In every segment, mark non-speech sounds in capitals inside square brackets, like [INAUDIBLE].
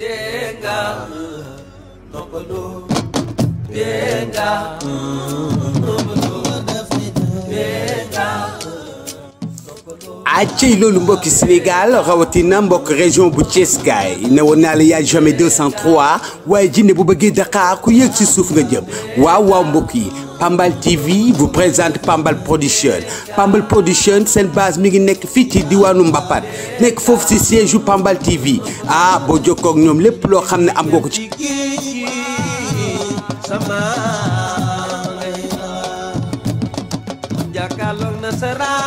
Denga nga noppaloo dee nga noppaloo dee nga acey loolu mbokki Sénégal rawatina Mbok région bu Thiès gaay ne woon naa jamais 203 waaye jinne bu bëggee Dakar ku yéeg ci suuf nga jëm waaw waaw mbokk yi Pambal TV vous présente Pambal Production Pambal Production seen base mi ngi nekk fii ci diwaanu Mbapat nekk foofu ci siège u Pambal TV ah boo jokkoo ak ñoom lépp loo xam ne am nga ko ci. Jàkkaarloog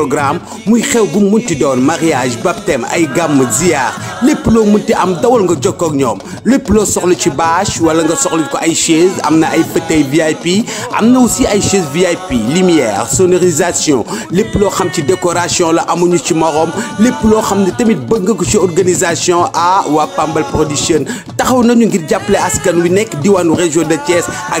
programme muy xew bu munti doon mariage baptême ay gam, ziar les plombs munti am dawal nga le ak ñom lepp lo ci wala nga ko VIP I'm aussi ay VIP lumière sonorisation les lo xam ci décoration la amuñu ci morom lepp lo xam ni tamit bëgg nga ko ci organisation a Pambal production taxaw nañu ngir askan wi région de Thiès ak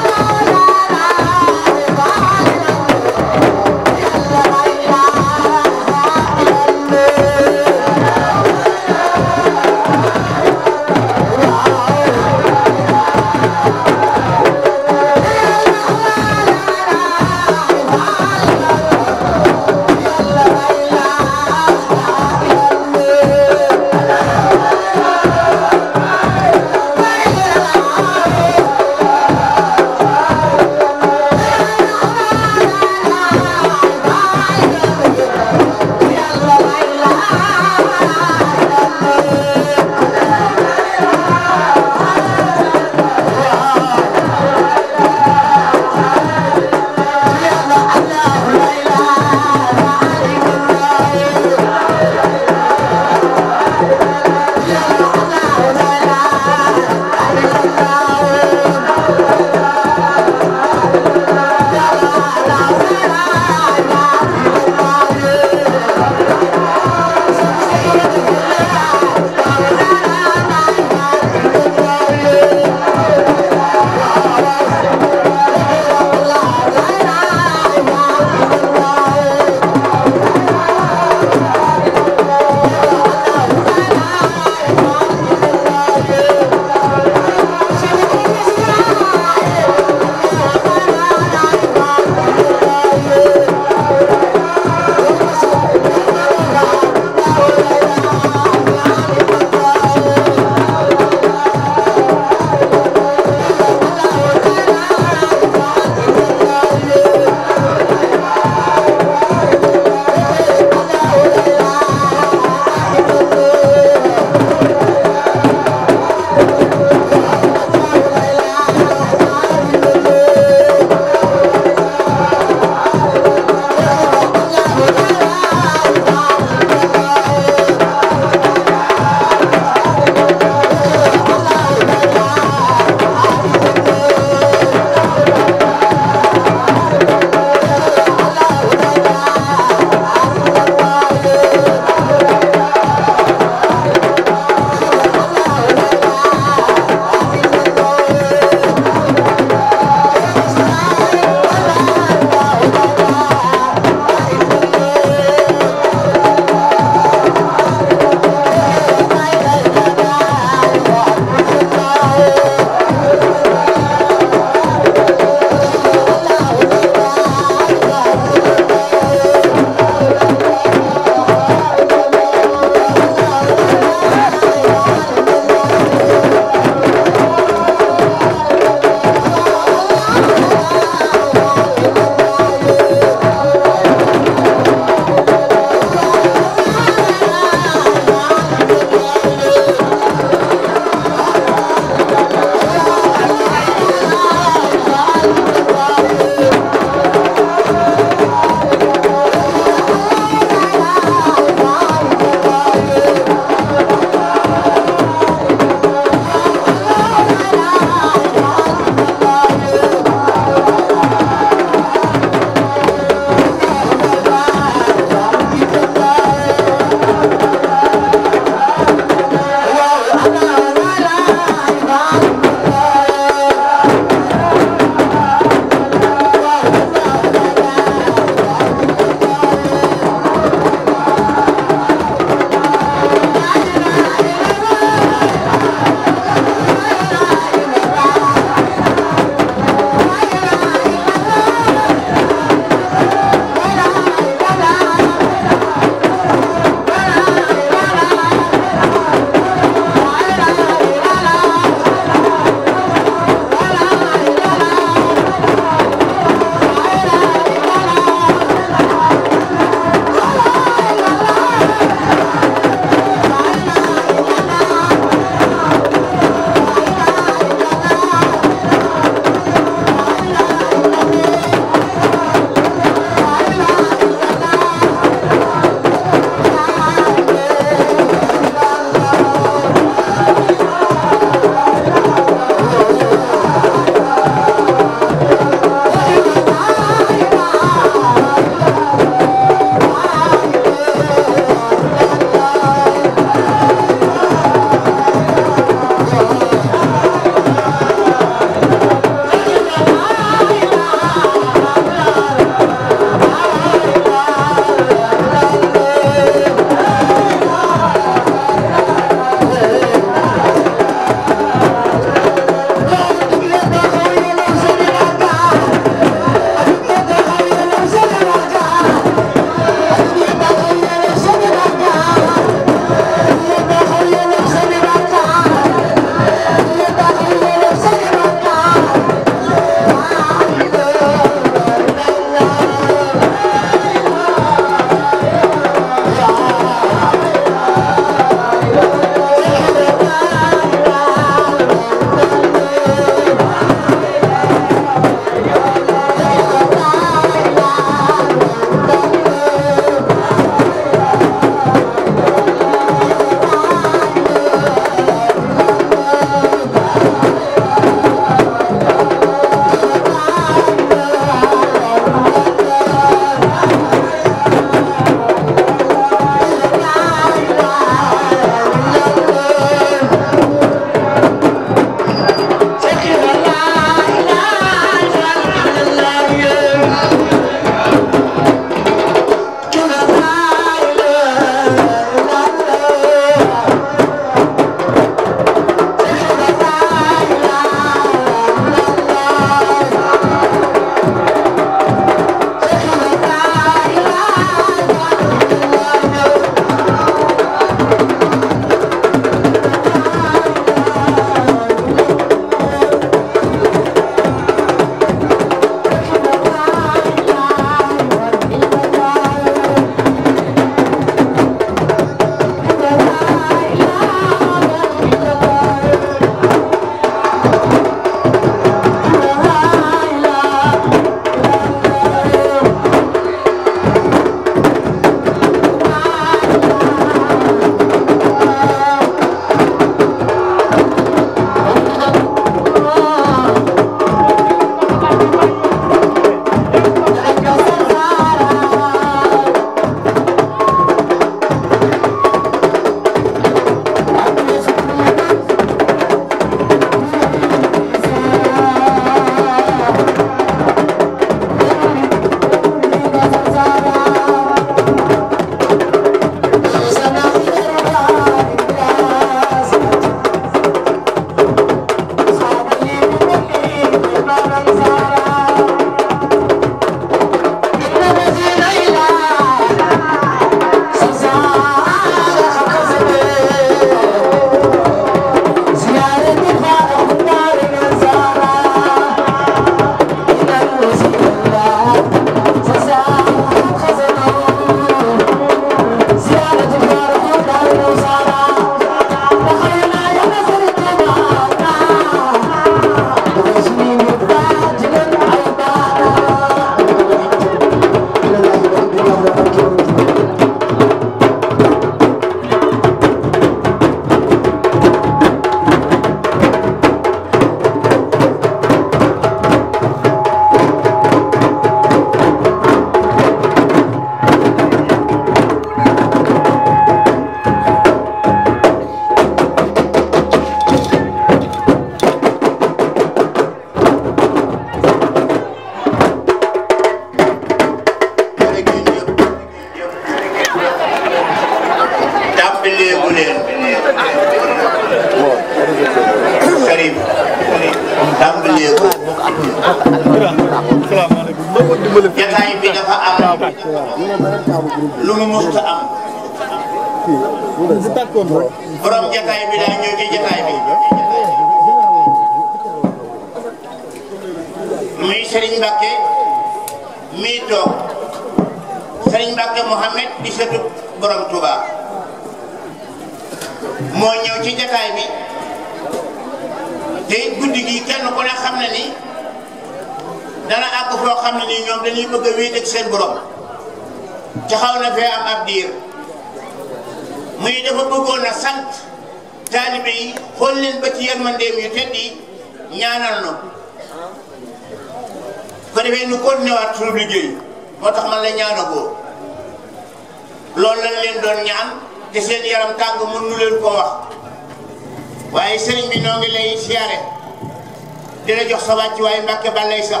wàccuwaay Mbàkke balay sax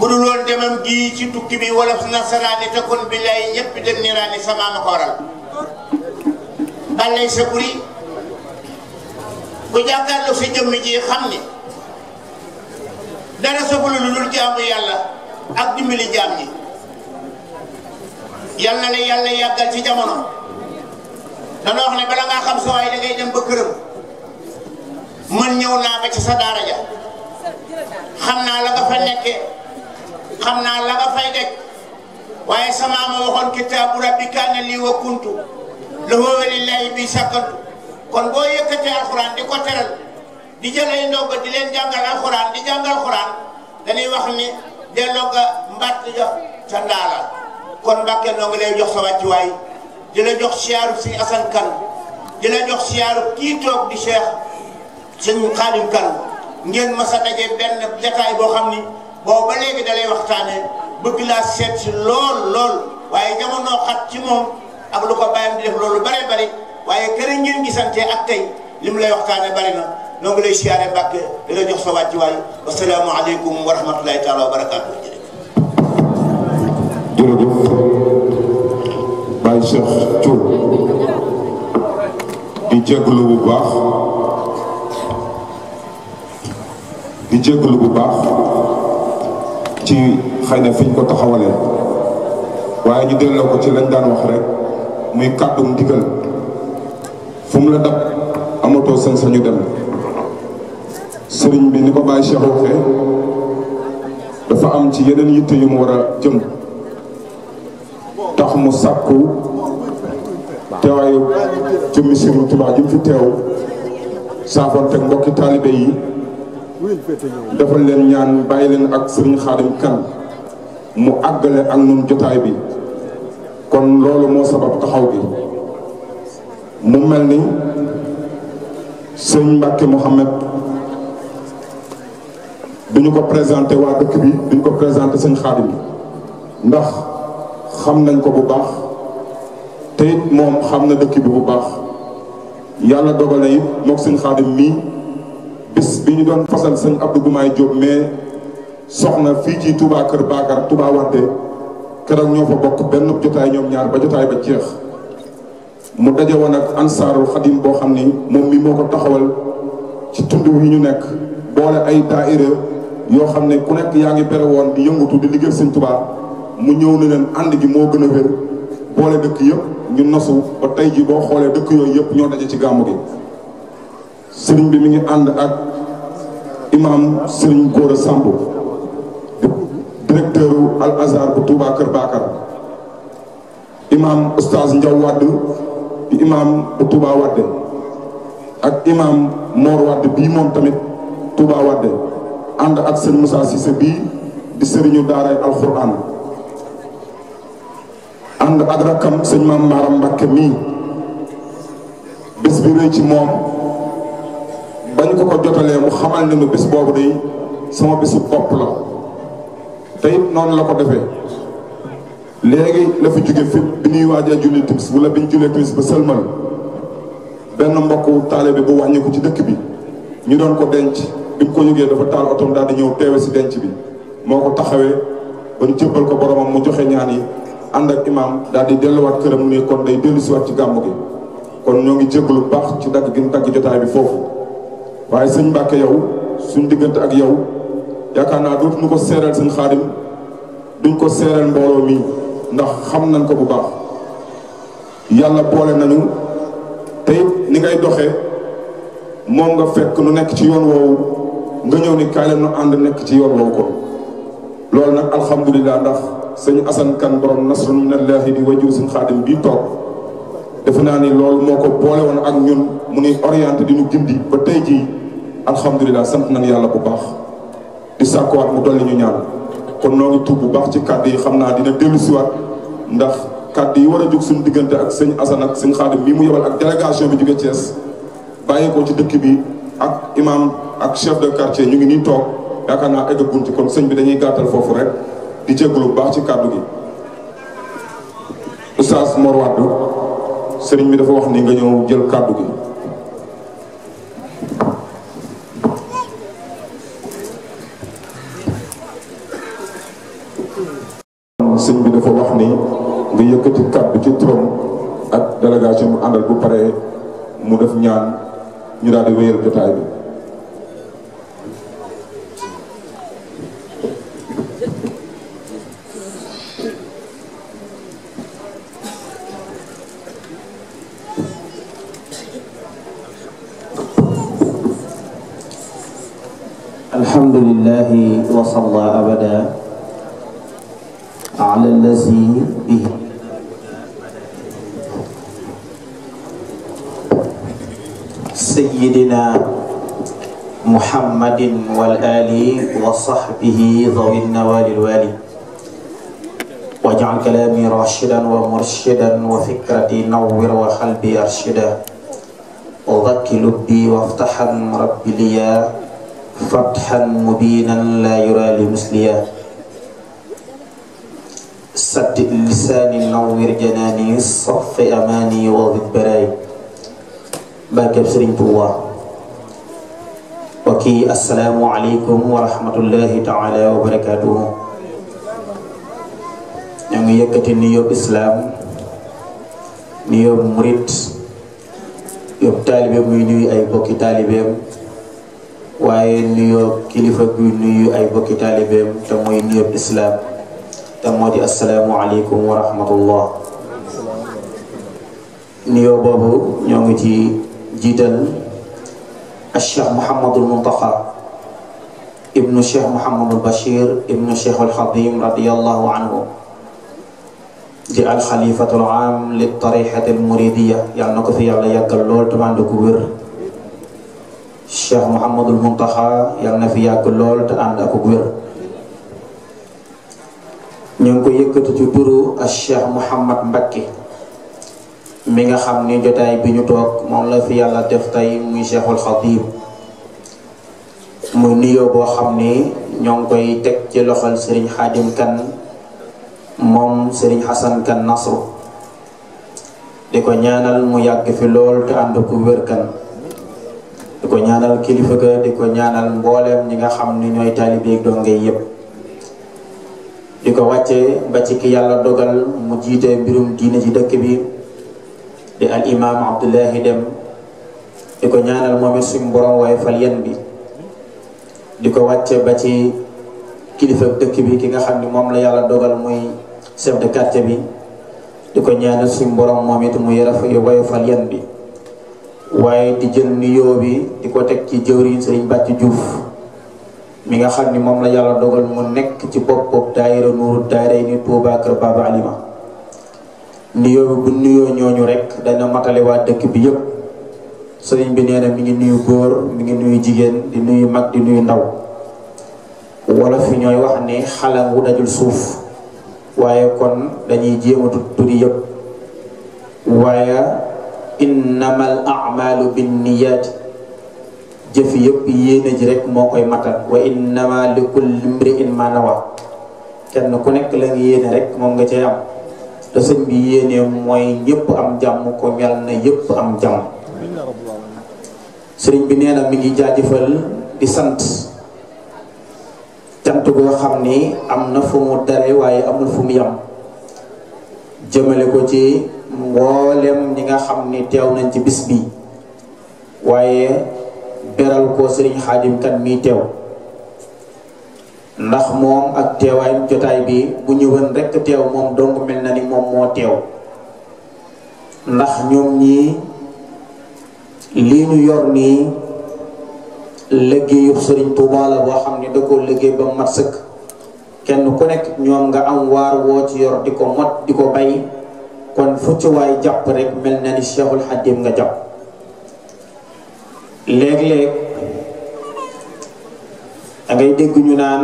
bu dul demam gii ci tukki bi wala nasaraani te kon billaay ñëpp dem niraani sama ma ko waral balay sa buri bu jàkkaarloo sa jëmm ji xam ni dara soxla lu dul jaamu yàlla ak dimbali jaam ñi yal na la yàlla yàggal ci jamono dana wax ne nga sa xam naa la xam naa la nga sama ma waxoon kitaabu kon boo yëkkatee alxuraan di ko di jël ay di leen jàngal alxuraan di jàngal alxuraan dañuy wax ni delloo nga mbaat jox ca ndaala kon Mbàkke noo lay jox sa wàccuwaay di jox siyaaru si Asan Kan di jox siyaaru kii toog di Cheikh sëñ Xaadim Kan ngeen mas a daje benn jataay boo xam ni boobu ba léegi dalay waxtaane bëgg laa seet lool lool waaye jamono xat ci moom ak lu ko bàyyam di def loolu bare bare waaye kër ngeen gisantee ak tey li mu lay waxtaane bari na noo ngi lay siyaare Mbàkke di la jox sa wàccuwaay wasalaamu aleykum wa rahmatullahi taala wa barakaatu jërëjëf Baye Cheikh Thiour di jéglu bu baax di jégalu bu baax ci xëy na fiñ ko taxawalee waaye ñu delloo ko ci lañ daan wax rek muy kàddu ndigal fu mu la dab amatoo sañ-sañu dem sëriñ bi ni ko bàyyi Cheikh waxee dafa am ci yeneen yitte yu mu war a jëm tax mu sàkku teewaayu jëmmi Sëriñ Tuubaa jëm fi teew saafoon teg mbokki taalibe yi defal leen ñaan bàyyi leen ak sëriñ Xaadim Kan mu àggale ak ñun jotaay bi kon loolu moo sabab taxaw bi mu mel ni sëñ Mbàkke Mohamed duñu ko présenté waa dëkk bi duñu ko présenté sëñ Xaadim ndax xam nañ ko bu baax te it moom xam na dëkk bi bu baax yàlla dogale it mook sëñ Xaadim mii bis bi ñu doon fasal sëñ Abdou Gumaay Diop mais soxna fii ci Touba Kër Bakar Touba Wante keroog ñoo fa bokk benn jotaay ñoom ñaar ba jotaay ba jeex mu daje woon ak ansaarul xadim boo xam ni moom mi moo ko taxawal ci tund yi ñu nekk boole ay daaira yoo xam ne ku nekk yaa ngi bere woon di yëngutu di liggéey sëñ Touba mu ñëw ne leen ànd gi moo gën a wér boole dëkk yëpp ñu nosu ba tey ji boo xoolee dëkk yooyu yëpp ñoo daje ci gàmmu gi sëriñ bi mi ngi ànd ak imam sëriñ Kora Samb directeur al azhar bu Touba Kër Bakar imam oustaz Ndiaw Wade di imam bu Touba Wade ak imam Mor Wade bii moom tamit Touba Wade ànd ak sëriñ Moussa Cissé bii di sëriñu daaray alxuraan ànd ak rakkam sëñ maam Maram Mbakke mii bés bi rëy ci moom ba ñu ko ko jotalee mu xamal ne nu bis boobu day sama bisu bopp la te it noonu la ko defee léegi la fi jóge fi bi ñuy waajee julli timis wala bi ñu jullee timis ba sëlmal benn mbokk taale bi bu wàññeeku ci dëkk bi ñu doon ko denc bi mu ko yëgee dafa taal otom daal di ñëw teewe si denc bi moo ko taxawee ba ñu jébbal ko boromam mu joxe ñaan yi ànd ak imaam daal di delluwaat këram mu ne kon day dellusiwaat ci gàmmu gi kon ñoo ngi jébbalu baax ci dagg gi mu dagg bi foofu waaye suñ Mbàkke yow suñ diggante ak yow yaakaar naa dootuñu ko seeral sëñ Xaadim duñ ko seeral mbooloo mi ndax xam nañ ko bu baax yàlla boole nañu tey it ni ngay doxee moom nga fekk nu nekk ci yoon woowu nga ñëw ni kaay la nu ànd nekk ci yoon woowu ko loolu nag alhamdulilah ndax sëñ Asan Kan borom nasrun minallahi bi wajur sëñ Xaadim bii toog defe naa ni loolu moo ko boole woon ak ñun mu nuy orienté di ñu gindi ba tey jii alhamdulilah sant nañ yàlla bu baax di sàkkuwaat mu dolli ñu ñaan kon noo ngi tuub bu baax ci kàddu yi xam naa dina dellu siwaat ndax kàddu yi war a jóg suñu diggante ak sëñ Assane ak sëñ Xaadim mii mu yebal ak délégation bi jóge Thiès bàyyeekoo ci dëkk bi ak imam ak chef de quartier ñu ngi nii toog yaakaar naa egg bunti kon sëñ bi dañuy gàttal foofu rek di jégalu bu baax ci kàddu gi Oustaz Mor Wade sëriñ bi dafa wax ni nga ñëw jël kàddu gi. sëriñ bi dafa wax ni nga yëkkati kàddu ci turam ak délégation bu àndal bu paree mu def ñaan ñu daal di wéyal jotaay bi. الله وصلى أبدا على الذي به سيدنا محمد والآل وصحبه ذوي النوال الوالي واجعل كلامي راشدا ومرشدا وفكرتي نور وقلبي أرشدا وذكي لبي وافتحا ربي لي فتحا مبينا لا يرى لمثليا سدد لساني نور جناني صف اماني واضد براي بارك بسرين بوا وكي السلام عليكم ورحمه الله تعالى وبركاته yang yëkëti nuyoo islam nuyoo murit yóbbu taalibe ينوي اي بوكي bokki taalibeem waaye nuyoo kilifa bi nuyu ay bokki taalibeem te mooy nuyoob islaam te moo di assalaamu aleykum wa rahmatullah nuyoo boobu ñoo ngi ci jiital cheikh muhammadul muntaqa ibnu cheikh muhammadul bashir ibnu cheikh alxadim radiallahu anhu di alxalifatul aam li tarixati almuridiya yàlla na ko fi yàlla yàggal lool te mànd ku wér Syah Muhammadul Muntaha yang na fi yàgg lool te ànd ak wér ñu Muhammad ko yëkkati ci turu ak Cheikh Mouhamad Mbacké mi nga xam ni jotaay bi ñu toog moom la fi yàlla def tey muy Cheikhul Khatib muy nuyoo boo xam koy ci Serigne Khadim Serigne Hassan ñaanal mu yàgg fi lool te ko kan di ko ñaanal kilifa ga di ko ñaanal mboolem ñi nga xam ni ñooy taalibe ak donge yépp di ko wàccee ba ci ki dogal mu jiite mbirum diine ci dëkk bi di al imam abdullahi dem di ko ñaanal moom it suñ borom waaye fal yen bi di ko wàccee ba ci kilifa dëkk bi ki nga xam ni moom la yàlla dogal muy chef de quartier bi di ñaanal borom mu yarafa yu waaye fal bi waaye di jël nuyoo bi di ko teg ci jëwriñ sëriñ Bàcc Diouf mi nga xam ni moom la yàlla dogal mu nekk ci bopp daayira nuuru daaray ni Touba Kër Baba Alima nuyoo bi bu nuyoo ñooñu rek dana matale waa dëkk bi yëpp sëriñ bi nee mi ngi nuyu góor mi ngi nuyu di nuyu mag di nuyu ndaw wala fi ñooy wax ni xalam wu dajul suuf kon dañuy jéem a tuddi yëpp waaye innamal a'malu binniyat jëf yëpp yéene ji rek moo koy matal wa innama li kulli imri'in ma kenn ku nekk la nga yéene rek moom nga cay am te sëñ bi yéene mooy ñëpp am jàmm ko ñal na yépp am jàmm sëriñ bi nee na mi ngi jaajëfal di sant cant goo xam ni am na fu mu dare amul fu yam jëmale ko ci mboolem ñi nga xam ne teew nañ ci bis bi waaye beral ko sëriñ xaadim kan mii teew ndax moom ak teewaayam jotaay bi bu ñëwoon rekk teew moom dong mel na ni moom moo teew ndax ñoom ñii lii ñu yor nii liggéeyu sëriñ Tuuba la boo xam ne da ko liggéey ba mat sëkk kenn ku nekk ñoom nga am waar ci yor di ko mot bay kon fu ci waay jàpp rek mel na ni Cheikhul Xadim nga jàpp léeg-léeg da ngay dégg ñu naan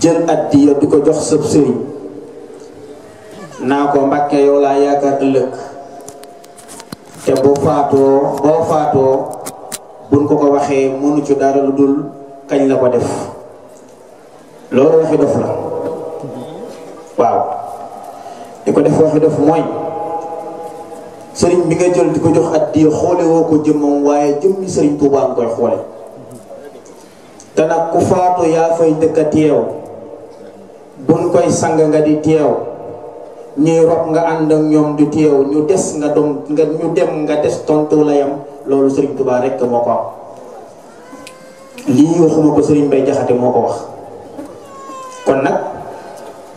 jël addiya di ko jox sëb sëriñ naa ko mbàkke yow laa yaakaar ëllëg te bu faatoo boo faatoo buñ ko ko waxee mënu ci dara lu dul kañ la ko def loolu waxi dof la waaw di ko def waxi def mooy sëriñ bi nga jël di ko jox addiya xoole woo ko jëmmam waaye jëmmi sëriñ Tuubaa nga koy xoole te nag ku faatu yaa fay dëkk a teew buñ koy sang nga di teew ñuy rob nga ànd ñoom di teew ñu des nga doom nga ñu dem nga des tontu la yam loolu sëriñ Tuubaa rekk moo ko am lii waxuma ko sëriñ Mbay Jaxate moo ko wax kon nag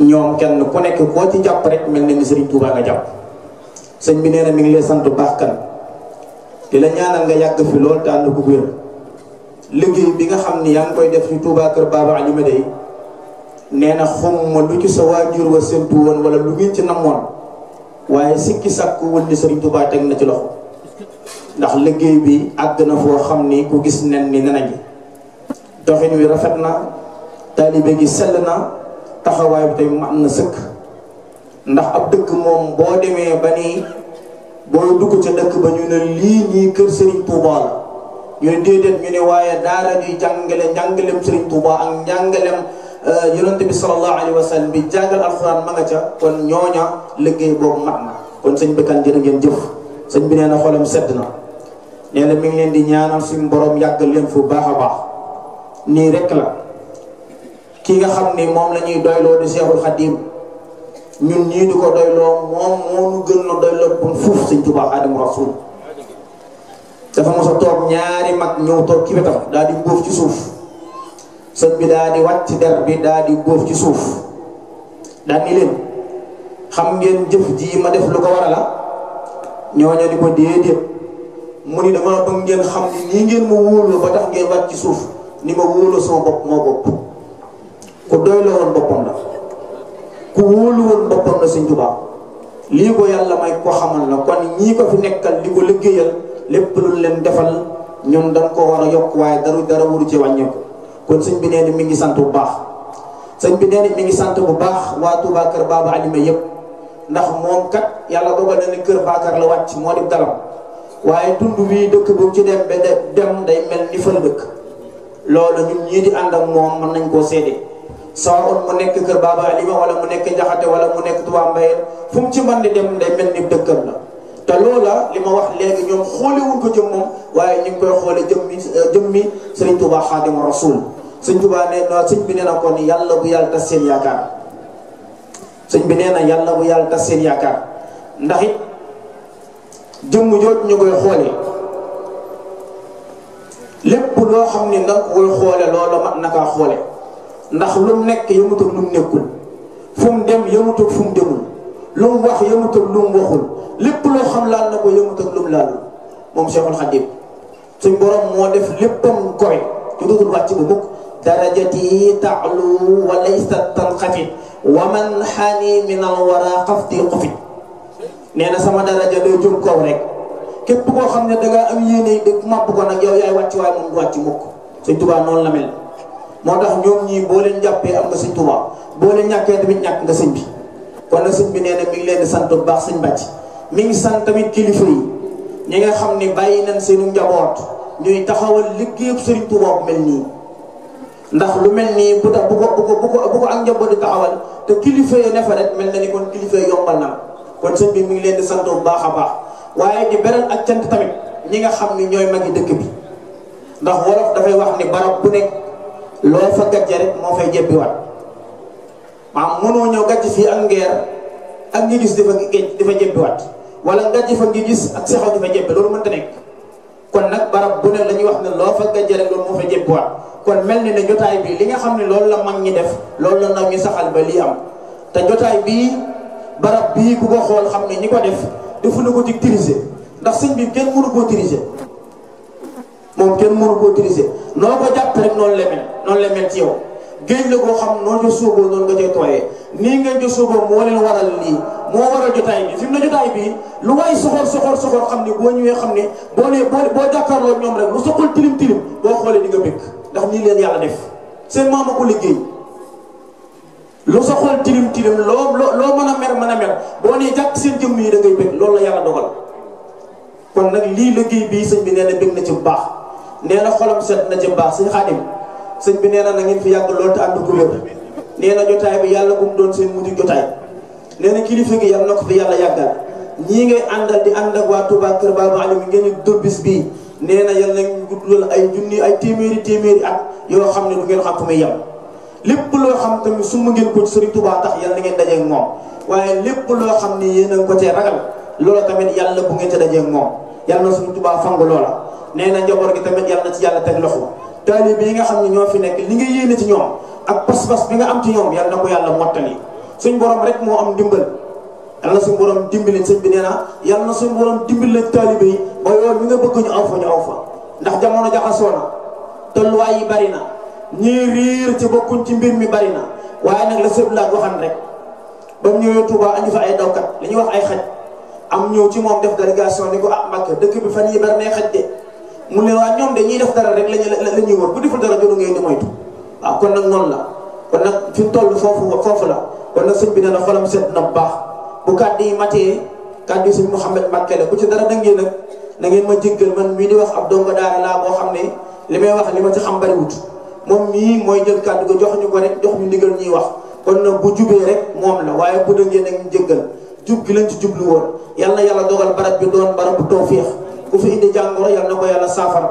ñoom kenn ku nekk koo ci jàpp rek mel ne ni sëriñ tuuba nga jàpp sëñ bi nee na mi ngi lay sant baax kan di la ñaanal nga yàgg fi lool tànn ko wér liggéey bi nga xam ni yaa ngi koy def ci tuuba kër baaba alima day nee na xamuma lu ci sa waajur wa séntu woon wala lu ngeen ci namoon waaye sikki sàkk wul ni sëriñ tuuba teg na ci loxo ndax liggéey bi àgg na foo xam ni ku gis nen ni nena ji doxin wi rafet na gi sell na taxawaay bi tey mu am na sëkk ndax ab dëkk moom boo demee ba ni boo dugg ca dëkk ba ñu ne lii ñii kër Serigne Touba la ñu ne déedéet ñu ne waaye daara di jàngale njàngalem Serigne Touba am njàngalem euh, yonente bi sallallahu alayhi wa sallam bi jàngal alxuraan ma ca kon ñooña liggéey boobu mat kon sëñ Bécane jërë ngeen jëf sëñ bi nee na xolam sedd na nee na mi ngi leen di ñaanal suñu borom yàggal leen fu baax a baax nii rek la. ki nga xam ni moom la ñuy doyloo di seexul xadim ñun ñii di ko doyloo moom moonu gën na doyloo bu fuuf sëñ tubaa rasul dafa mos a toog ñaari mag ñëw toog ci wetam daal di bóof ci suuf sëñ bi daal di wàcc der bi daal di bóof ci suuf daal ni leen xam ngeen jëf ji ma def lu ko war a la ñooña di ko déedéet mu ni dama bëgg ngeen xam ni nii ngeen ma wóolu ba tax ngeen wàcc ci suuf ni ma wóolu sama bopp moo bopp ku doy la woon boppam la ku wóolu woon boppam la sëñ Tuubaa lii ko yàlla may ko xamal la kon ñii ko fi nekkal di ko liggéeyal lépp lu leen defal ñoom dañ ko war a yokk waaye dara dara waru ci wàññiku kon sëñ bi nee na mi ngi sant bu baax sëñ bi nee na mi ngi sant bu baax waa Touba Kër Baba Alima yëpp ndax moom kat yàlla dogal na ne Kër Bakar la wàcc moo di dalam waaye tund bii dëkk bu ci dem ba dem day mel ni fan dëkk loolu ñun ñii di ànd ak moom mën nañ koo séedee. soxor mu nekk kër Baba Alima wala mu nekk Njaxate wala mu nekk Tuubaa Mbayeen fu mu ci mën di dem day mel ni dëkkam la te loola li ma wax léegi ñoom xoolewul ko jëm waaye ñu ngi koy xoolee jëmmi jëmmi Sëriñ Tuubaa Xaadimu Rasuul sëñ Tuubaa nee na sëñ bi nee na kon yàlla bu yàlla tas ndax it jëmm joot ñu koy xoole lépp loo xam ni nga koy xoole loola mat na xoole ndax lu nekk yëmutul lu mu nekkul fu mu dem yëmutul fu mu demul lu mu wax yëmutul lu waxul lépp loo xam laal na ko yëmutul lu mu laalul moom Cheikhul Khadim suñ borom moo def léppam koy te wàcc bu mukk darajati taalu wa laysa tanxafit wa man xaani min al wara xafti xufit nee na sama daraja day jëm kaw rek képp koo xam ne da ngaa am yéene dëgg màpp ko nag yow yaay wàcc waaye moom wàcc mukk suñ Tuubaa noonu la mel. motax ñom ñi bo leen jappé am nga seigne touba bo leen ñaké tamit ñak nga seigne bi kon na seigne bi néna mi ngi leen sant bu baax seigne bacc mi ngi sant tamit kilifa yi ñi nga xamni bayyi nañ seenu njabot ñuy taxawal liggéey seigne touba bu melni ndax lu melni bu tax bu ko bu ko bu ko ak njabot taxawal te kilifa yi nefa rek mel na ni kon kilifa yombal na kon seigne bi mi ngi leen di sant bu baaxa baax waye di beral ak cant tamit ñi nga xamni ñoy magi dëkk bi ndax wolof da fay wax ni barab bu nekk loo fa gàcce rek moo fay jebbiwaat maanaam mënoo ñëw gàcce fii ak ngeer ak ngi gis dafa géej dafa jebbiwaat wala gàcce fa ngi gis ak saxaw dafa jebbi loolu mënta nekk kon nag barab bu ne la ñuy wax ne loo fa gàcce rek loolu moo fa jebbiwaat kon mel ni ne jotaay bii li nga xam ne loolu la mag ñi def lool la ndaw ñu saxal ba lii am te jotaay bii barab bii ku ko xool xam ne ñi ko def defuñu ko ci tirisé ndax sëñ bi kenn mënu koo tirisé moom kenn mënu koo triser noo ko jàpp rek noonu la mel noonu la mel koo xam noonu la suuboo noonu nga cay tooyee nii ngeen di suuboo moo leen waral lii moo waral jotaay bi fi mu ne jotaay bi lu waay soxor soxor soxor xam ni boo ñëwee xam ne boo nee boo boo jàkkaarloo ñoom rek lu soxol tilim tilim boo xoolee di nga bëgg ndax nii leen yàlla def seen maama ko liggéey lu soxol tilim tilim loo loo mën a mer mën a mer boo nee jàkk seen jëmm yi da ngay bëgg loolu la yàlla dogal kon nag lii liggéey bii sëñ bi nee na bëgg na ci bu baax. nee na xolam set na jëm baax sëñ xaadim sëñ bi nee na na ngeen fi yàgg lool te ànd ko wér nee na jotaay bi yàlla bu mu doon seen mujj jotaay nee na kilifa gi yàlla na ko fi yàlla yàggal ñii ngay àndal di ànd ak waa Touba Kër Baaba Ali ngeen di dóor bis bii nee na yàlla nañ guddal ay junni ay téeméeri téeméeri at yoo xam ne du ngeen xam fu muy yem lépp loo xam tamit su ma ngeen ko ci Touba tax yàlla ngeen dajeeg moom waaye lépp loo xam ne yéen ko cee ragal loola tamit yàlla bu ngeen ca dajeeg moom yàlla na suñu Touba fangu loola nee na njaboot gi tamit yàlla ci yàlla teg loxo taalibe yi nga xam ne ñoo fi nekk li nga yéene ci ñoom ak pas-pas bi nga am ci ñoom yàlla na ko yàlla mottali suñ borom rek moo am dimbal yàlla na suñ borom dimbali sëñ bi nee na na suñ borom dimbali ak taalibe yi ba yoon mi nga bëgg ñu aw fa ñu aw fa ndax jamono jaxasoo na tolluwaay yi bari na ñii riir ci bokkuñ ci mbir mi bari na waaye nag la sëb laaj waxan rek ba mu ñëwee Touba andi fa ay dawkat li ñuy wax ay xaj am ñëw ci moom def délégation ni ko ah ko dëkk bi fan yi bari nay xaj de mu ne waa ñoom dañuy def dara rek lañu la ñuy wër bu deful dara joru ngeen di moytu waaw kon nag noonu la kon nag fi mu toll foofu foofu la kon nag sëñ bi ne na xolam bu ci dara da ngeen nag na ngeen ma jéggal man mii ni wax ab dongo daara laa boo xam ne li may wax li ma ci xam bariwut moom mii mooy jël kàddu ko jox ñu ko rek jox ñu ndigal ñuy wax kon nag bu jubee rek moom la waaye bu dëngee nag ñu jéggal jub gi lañ ci jublu woon yàlla yàlla dogal barab bi doon barab bu tawféex ku fi indi jàngoro yal na ko yàlla saafara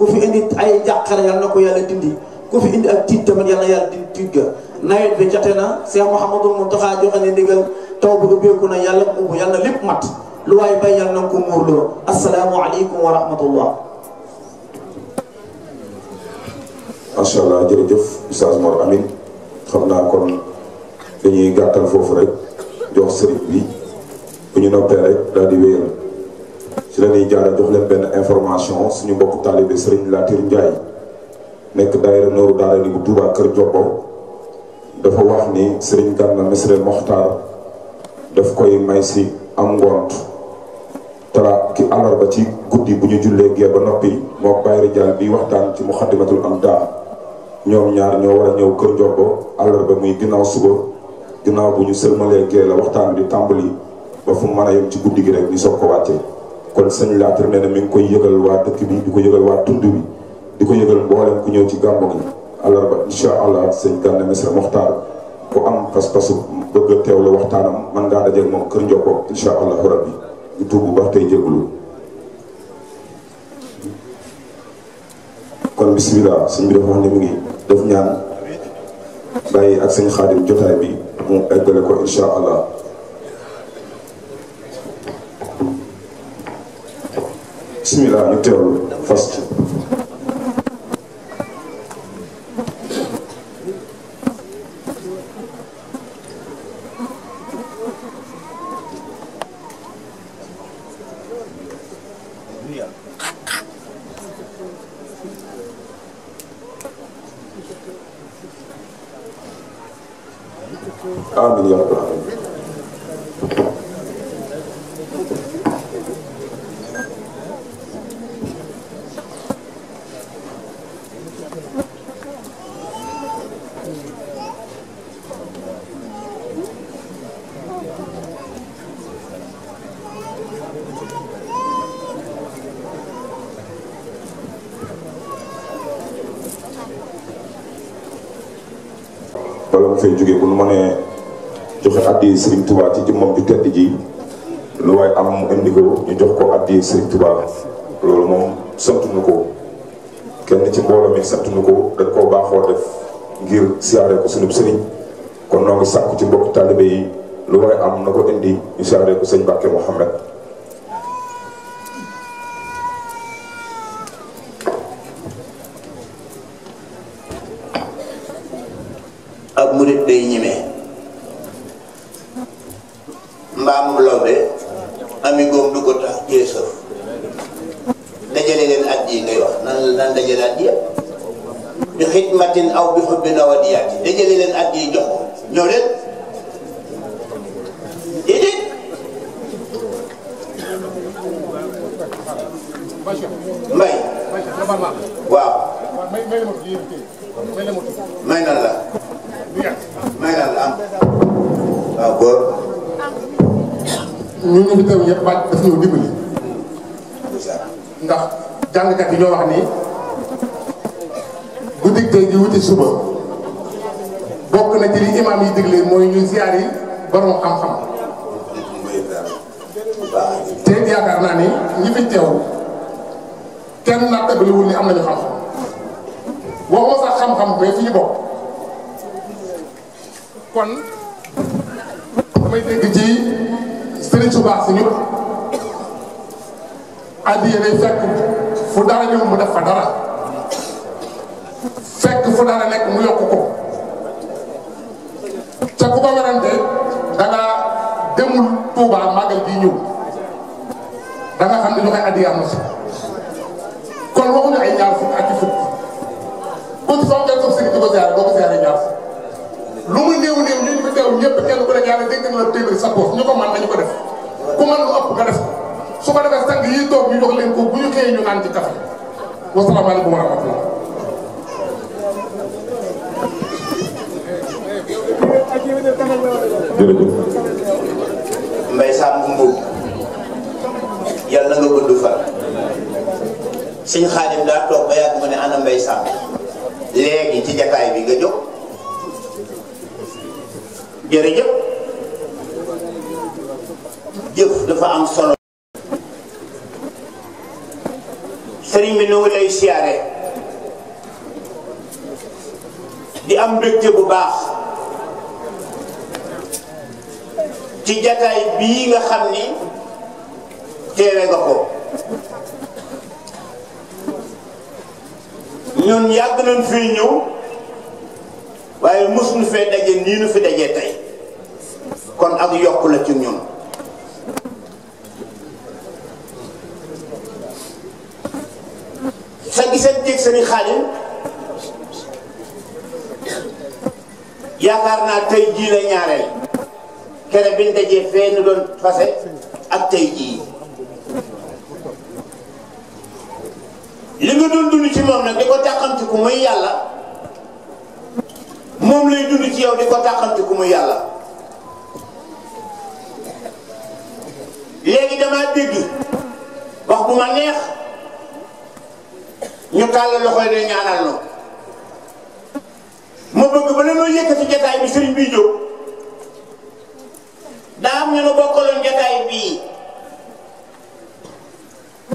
ku fi indi ay jàqare yal na ko yàlla dindi ku fi indi ak tiit tamit yal na yàlla dindi tiit ga nawet bi jote na Cheikh Mouhamadou Mountakha joxe ne ndigal taw bi ubbeeku na yàlla ubbu yàlla lépp mat lu waay bay yal na ko muurloo asalaamualeykum wa rahmatullah. macha allah jërëjëf Oustaz Mor Amine xam naa kon dañuy gàttal foofu rek jox sëriñ bi bu ñu noppee rek daal di wéyal. ci la ñuy jaara jox leen benn information suñu mbokk taalibe Serigne Latir Ndiaye nekk daayira nooru daara ni bu Touba Kër Jobbo dafa wax ni Serigne Gana Messere Mokhtar daf koy may si am ngont tara ki ba ci guddi bu ñu jullee gee ba noppi moo Bayri Jaal bi waxtaan ci muxaddimatul am daa ñoom ñaar ñoo war a ñëw Kër Jobbo alarba muy ginnaaw suba ginnaaw bu ñu sërmalee gee la waxtaan bi tàmbali ba fu mu yem ci guddi gi rek ñu soog ko wàccee kon sëñ Latir nee na mi ngi koy yëgal waa dëkk bi di ko yëgal waa tund bi di ko yëgal mboolem ku ñëw ci gàmmu gi alarba incha allah sëñ Gana Messere Mokhtar ku am pas-pasu bëgg a teewlu waxtaanam mën ngaa dajeeg moom kër Ndiokko incha allahu rabbi di tuub bu baax tey kon bisimilah sëñ bi dafa wax ne mi ngi def ñaan bàyyi ak sëñ Xaadim jotaay bi mu eggale ko incha allah. bismillah ñu teewlu fast addiye Serigne Touba ci jëmmam ju tedd ji lu waaye am mu indi ko ñu jox ko addiye Serigne Touba loolu moom sant nu ko kenn ci mbooloo mi sant nu ko dañ koo baaxoo def ngir siyaare ko sunu sëriñ kon noo ngi sàkku ci mbokk taalibe yi lu waaye am na ko indi ñu siyaare ko sëñ Mbàkke Tuubaa daf ñëw dimbali ndax jàngkat yi ñoo wax ni guddik tey di wuti suba bokk na ci li imaam yi digle mooy ñu ziyaar yi borom xam-xam te yaakaar naa ni ñi fi teew kenn naa tabliwul ni am nañu xam-xam sax xam-xam mais fi ñu bokk kon damay dégg ci nit su baax fekk fu dara ñëw mu def fa dara fekk fu dara nekk mu yokk ko te ku nga demul Touba màggal bii ñëw da nga xam ne joxe addiya am na si kon waxuñu ay ñaar fukk ak fukk ku ci soog kenn soog si di ko ziare boo ko ziare ñaar fukk lu mu néew néew ñu ñu fi teew ñëpp kenn ku ne ñaare ñu ko mën nañu ko def. ku mën lu ëpp nga def ko su ko nga sëñ Xaadim daa toog ba yàgg mu ne ana Mbaye Samb léegi ci jataay bi nga jóg jërëjëf jëf dafa am solo sëriñ bi nu lay siyaare di am mbégte bu baax ci jataay bii nga xam ni teewe nga ko ñun yàgg nañ fii ñëw waaye mos nu fee daje nii nu fi dajee tey kon ak yokk la ci ñoom sa giseen jéeg sëriñ Xaadim yaakaar naa tey jii la ñaareel kere biñ dajee fee nu doon fase ak tey jii li nga doon dund ci moom nag di ko tàqamtiku muy yàlla moom lay dund ci yow di ko tàqamtiku muy yàlla léegi damaa dégg wax bu neex ñu tàll loxoy ne ñaanal loo mu bëgg ba ne loo yëkkati jataay bi sëriñ bi jóg daa am ñu nu bokkaloon jataay bii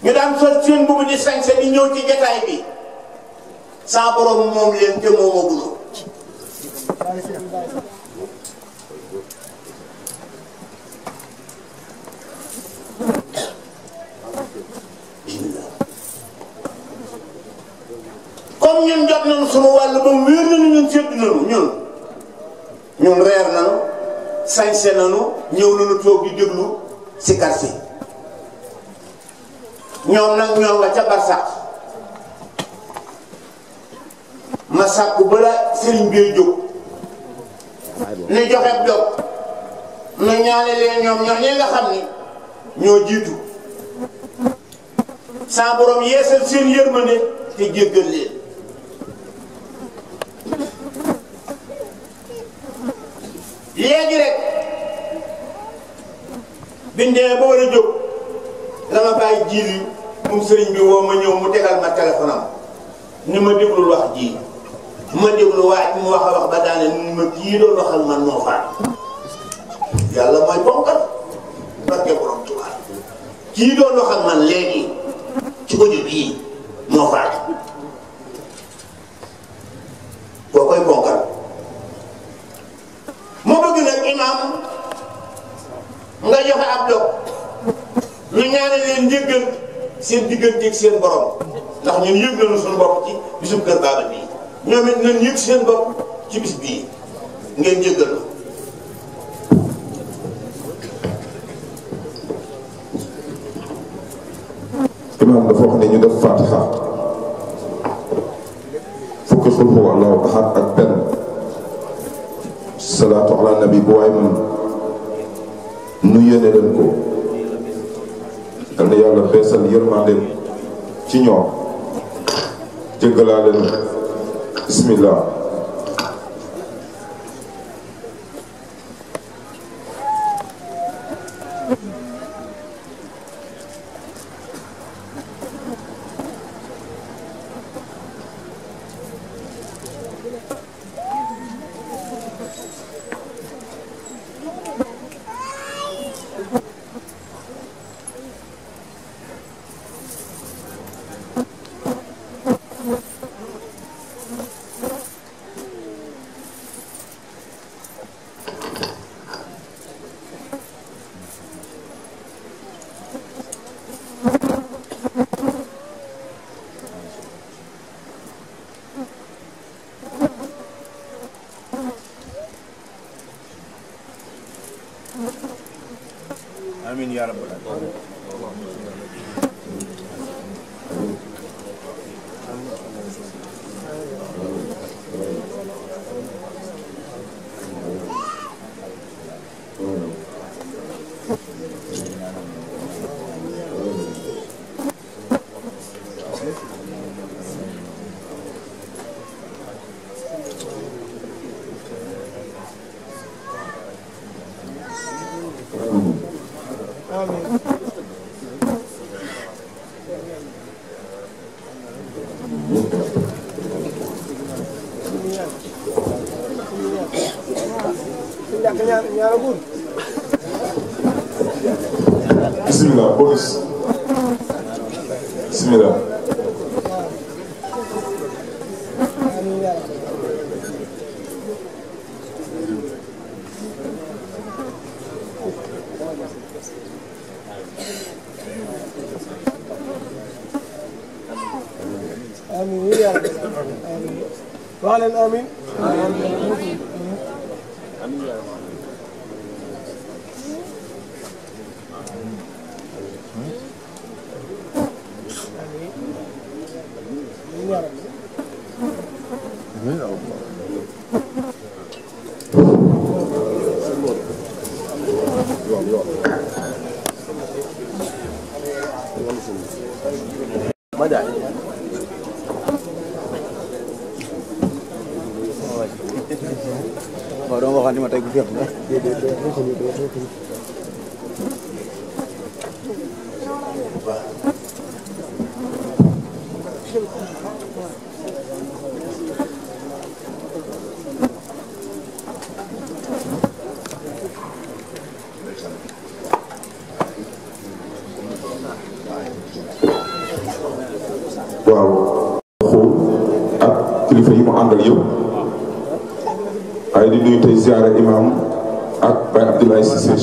ñu daan sol seen bugg di sañse di ñëw ci jataay bi saa moom leen te moom a gudd comme ñun jot nañ sunu wàll ba wér nañu ñun séddu nañu ñun ñun reer nañu sañse nañu ñëw nañu toog di déglu si karsi ñoom nag ñoo nga ca barsax ma sàkku bala sëriñ biy jóg ni joxeb dog nu ñaane leen ñoom ñoo ñee nga xam ni ñoo jiitu saa yeesal seen yërmande te jéggal leen biñ demee ba war a jóg dama bàyyi jiili moom sëriñ bi woo ma ñëw mu tegal ma téléphone am ma déglul wax ji ma déglu waaj mu wax a wax ba daane ni ma kii doon waxal man moo faat yàlla mooy bonkal barke borom Tuubaa kii doon waxal man léegi ci ko jub yii moo faat koo koy ñaanal leen njëggal seen digganteeg seen borom ndax ñun yëg nañu suñu bopp ci bisub kër baaba bii ñoom it nañ yëg seen bopp ci bis bii ngeen jëggal ko imaam dafa wax ne ñu def fatiha fukki xul huwa allahu ahad ak benn salaatu ala nabi bu waay man nu yéene leen ko yal na yàlla feesal yërmandeem ci ñoom jéggalaale na bismillah قال آمين, آمين.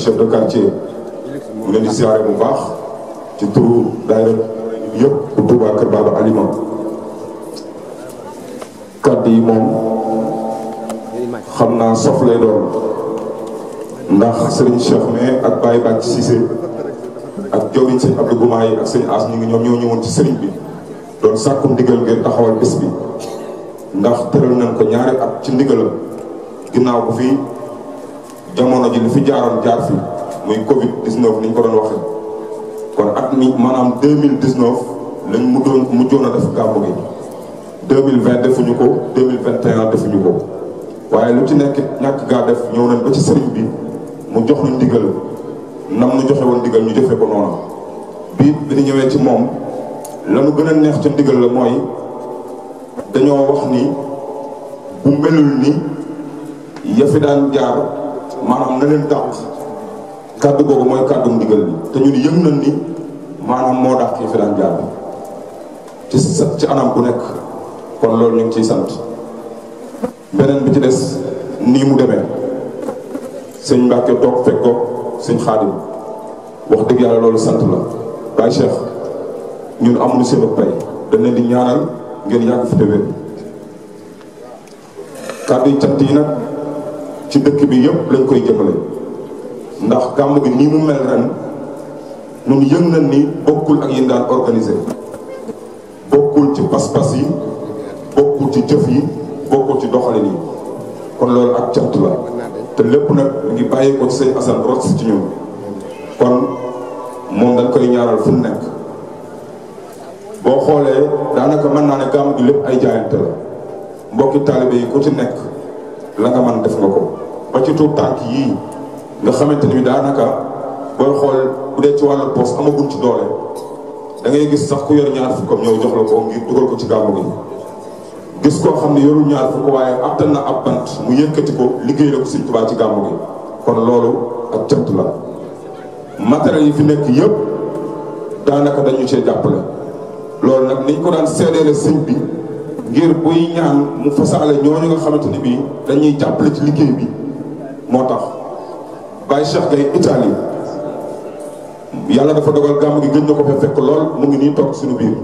chef de quartier mu leen di siyaare bu baax ci turu daayira yëpp bu Touba Kër Baba Alima kàddu yi moom xam naa sof lay doon ndax Serigne Cheikh ak Baye Bàcc Cissé ak jawriñ sëñ Abdou Gouma yi ak sëñ As ñu ngi ñoom ñoo ñëwoon ci Serigne bi doon sàkku ndigal ngeen taxawal bés bi ndax tëral nañ ko ñaari at ci ndigalam ginnaaw ko fii jamono ji lu fi jaaroon jaar fi muy Covid 19 ni ñu ko doon waxee kon at mi maanaam mille 2019 lañ mu doon mujjoon a def gàmmu gi 2020 defuñu ko 2021 defuñu ko waaye lu ci nekk ñàkk gaa def ñëw nañ ba ci sëriñ bi mu jox ñu ndigal nam nu joxe woon ndigal ñu jëfee ko noonu bii bi ñu ñëwee ci moom la mu gën a neex ca ndigal la mooy dañoo wax ni bu melul ni ya fi daan jaar. manam na leen taxu si kaddu googu mooy kaddu ndigal bi te ñun yëg nañ ni maanaam moo dàq fi daan jàpp ci ci anam bu nekk kon loolu ñu ngi ciy sant beneen bi ci des nii mu demee sëñ Mbàkke toog fekk ko sëñ Xaadim wax dëgg yàlla loolu sant la Baye Cheikh ñun amuñu seen pay dañ leen di ñaanal ngeen yàgg fi te wér kàddu yi cant ci dëkk bi yëpp lañ koy jëmale ndax gàmmu gi nii mu mel ren ñun yëg nañ nii bokkul ak yi daan organisé bokkul ci pas-pas yi bokkul ci jëf yi bokkul ci doxalin yi kon loolu ak cant la te lépp nag mu ngi bàyyi ko ci sëñ Assane rot ci ñun kon moom dañ koy ñaaral fu nekk boo xoolee daanaka mën naa ne gàmmu gi lépp ay jaayante la mbokki taalibe yi ku ci nekk la nga mën def nga ko ba ci tuut tànk yii nga xamante ni daanaka booy xool bu dee ci wàll poos amaguñ ci doole da ngay gis sax ku yor ñaar fukkam ñëw jox la ko ngir dugal ko ci gàmmu gi gis koo xam ne yorul ñaar fukk waaye abtal na ab bant mu yëkkati ko liggéey la ko Sëriñ Tuubaa ci gàmmu gi kon loolu ak cant la matériel yi fi nekk yëpp daanaka dañu cee jàppale loolu nag ni ñu ko daan seedeele si bi ngir buy ñaan mu fasaale ñooñu nga xamante ni bii dañuy jàppale ci liggéey bi moo tax Baye Cheikh Gaye Italie yàlla dafa dogal gàmm gi gën ko fa fekk lool mu ngi nii toog suñu biir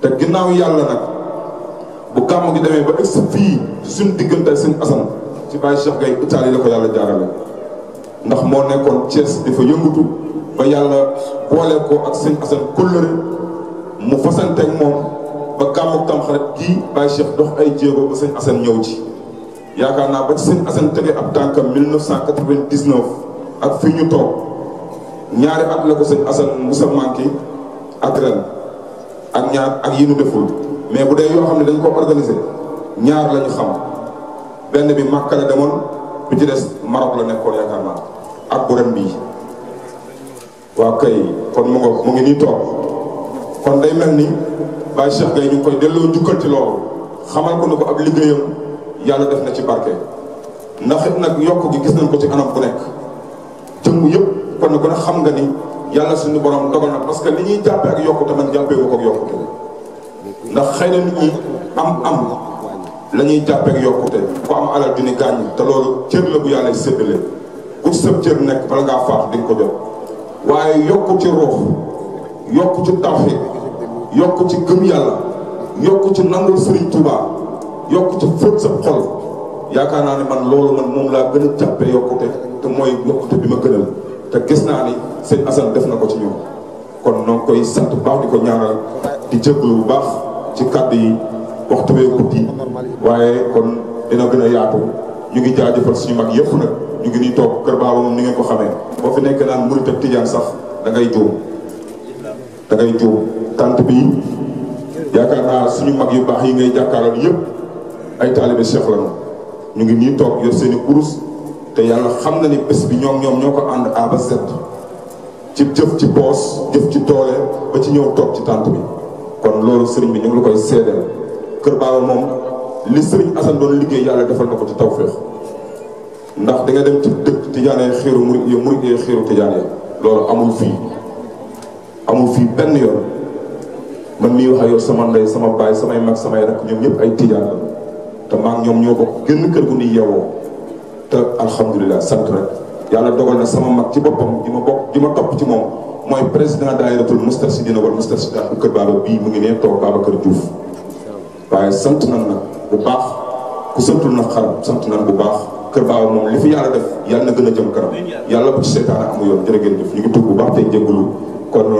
te ginnaaw yàlla nag bu gàmm gi demee ba egsi fii suñu diggante seen asan ci Baye Cheikh Gaye Italie la ko yàlla jaarale ndax moo nekkoon Thiès dafa yëngatu ba yàlla boole ko ak seen asan kóllëre mu fasanteeg moom ba gàmmu tamxarit gii Baye Cheikh dox ay jéego ba sëñ Assane ñëw ci yaakaar naa ba ci sëñ Assane tegee ab tànkam ak fii ñu toog ñaari at la ko sëñ Assane musa manqué ak ren ak ñaar ak yi ñu deful mais bu dee yoo xam ne dañ ko organiser ñaar la ñu xam benn bi Màkka la demoon bu ci des Maroc la nekkoon yaakaar naa ak bu ren bii waaw kay kon mu ngo mu ngi nii toog kon day mel ni Baye Cheikh Gueye ñu ngi koy delloo jukkal ci loolu xamal ko ne ko ab liggéeyam yàlla def na ci barke. ndax it nag yokk gi gis nañ ko ci anam bu nekk jëmm yëpp kon nag xam nga ni yàlla suñu borom dogal na parce que li ñuy jàppee ak yokku tamit jàppee ko ak ndax xëy am la ñuy jàppee ak yokkute ku am alal te loolu cër bu yàlla séddale ku sëb cër nekk bala ngaa faax di nga ko jot waaye yokku ci ruux yokku ci tawfiq yokk ci gëm yàlla yokk ci nangul Serigne Touba yokk ci fóot sa xol yaakaar naa ne man loolu man moom laa gën a jàppe yokkute te mooy yokkute bi ma gënal te gis naa ni sëñ Assane def na ko ci ñoom kon noo koy sant baax di ko ñaanal di jéglu bu baax ci kàddu yi waxtu bee guddi waaye kon dina gën a yaatu ñu ngi jaajëfal suñu mag yëpp nag ñu ngi nii toog kër baaba moom ni ngeen ko xamee boo fi nekk naan murit ak tijaan sax da ngay juum da ngay tànt bi yaakaar naa suñu mag yu baax yi ngay jàkkaaral yëpp ay taalibe Cheikh lañu ñu ngi nii toog yor seen i kurus te yàlla xam na ni bés bi ñoom ñoom ñoo ko ànd A ba ci jëf ci boos jëf ci doole ba ci ñëw toog ci tànt bi kon loolu sëriñ bi ñu ngi la koy seedeel Kër Baaba moom li sëriñ Assane doon liggéey yàlla defal na ko ci tawféex ndax da nga dem ci dëkk Tijaane xiiru murid mu murid yi xiiru Tijaane loolu amul fii amul fii benn ya. yoon man miy wax ak sama ndey sama baay samay mag samay rakk ñoom ñëpp ay tijaan la te maa ngi ñoom ñoo bokk génn kër gu ni yeewoo ya, te alhamdulilah sant rek yàlla ya dogal na sama mak ci boppam di ma bokk di ma topp ci moom mooy président daayiratul mustarsidina wal mustarsidaat bu kër baaba bii mu ngi nee toog Babacar Diouf waaye sant nan nag bu baax ku santul na xaram sant nan bu baax kër baaba moom li fi yàlla def yàlla na gën a jëm kanam yàlla bu ci seetaan amu yoon jërë ngeen ñu ngi tudd baax tey jégalu kon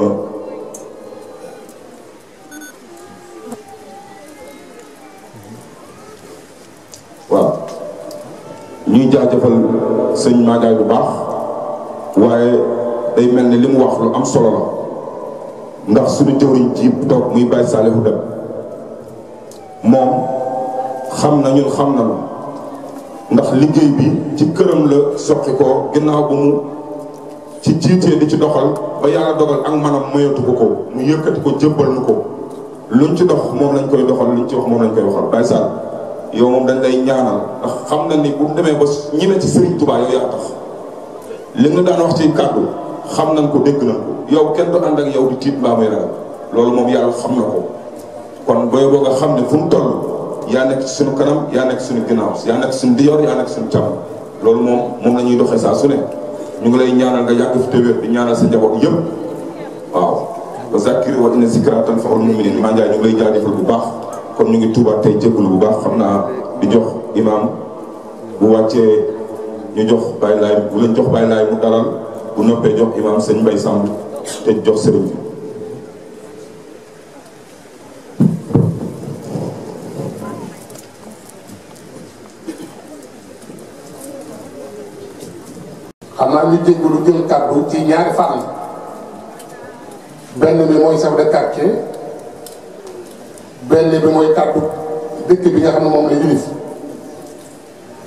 waaw ñuy jaajëfal sëñ Magaye bu baax waaye day mel ni li mu wax lu am solo la ndax suñu jëwriñ ji toog muy Baye Salihu dem moom xam na ñun xam na lu ndax liggéey bi ci këram la soqi ko ginnaaw bu mu ci jiitee di ci doxal ba yàlla dogal ak manam mayatu ko ko mu yëkkati ko jëbbal nu ko luñ ci dox moom lañ koy doxal luñ ci wax moom lañ koy waxal Baye yow moom dañ lay ñaanal ndax xam na ni bu demee ba ñi ne ci Serigne Touba yow yaa tax li nga wax ci kàddu xam nañ ko dégg nañ ko yow kenn ànd ak yow di tiit mbaa loolu moom yàlla xam na ko kon booy boo nga xam ne fu mu toll yaa nekk ci suñu kanam yaa nekk suñu ginnaaw yaa nekk suñu diyoor yaa nekk suñu loolu moom moom ñuy doxee saa su ne ñu ngi lay ñaanal nga yàgg fi téwéer di ñaanal sa njaboot yëpp waaw wa zakir wa inna zikra tanfa'ul mu'minin maa njaay ñu ngi lay jaajëfal bu baax kon ñu ngi tuubaat tey jégalu bu baax xam naa di jox imaam bu wàccee ñu jox bàyyi laay bu leen jox bàyyi laay mu dalal bu noppee jox imaam sëñ Mbay Samb te jox sëriñ am naa ñu jégalu jël ci ñaari fànn benn bi mooy chef de quartier benn bi mooy kàddu dëkk bi nga xam ne moom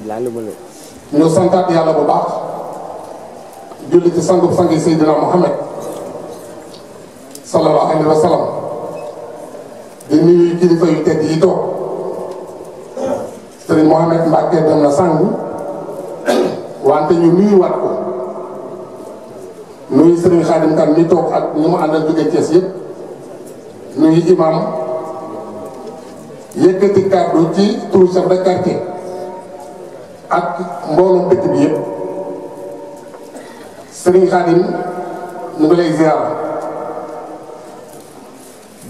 la unif ñu santaat yàlla bu baax julli ci sangub sangi Seydina Muhammad sallallahu alayhi wa di nuyu kilifa yu tedd yi toog sëriñ Mohamed Mbacke dem na sangu [COUGHS] wante ñu nuyuwaat ko nuyu sëriñ Xaadim Kan mi toog ak ñi mu àndal jóge Cees yëpp nuyu imam yëkkati kàddu ci turu chef de quartier ak mbooloom dëkk bi yëpp sëriñ Xaadim ñu ngi lay ziyaara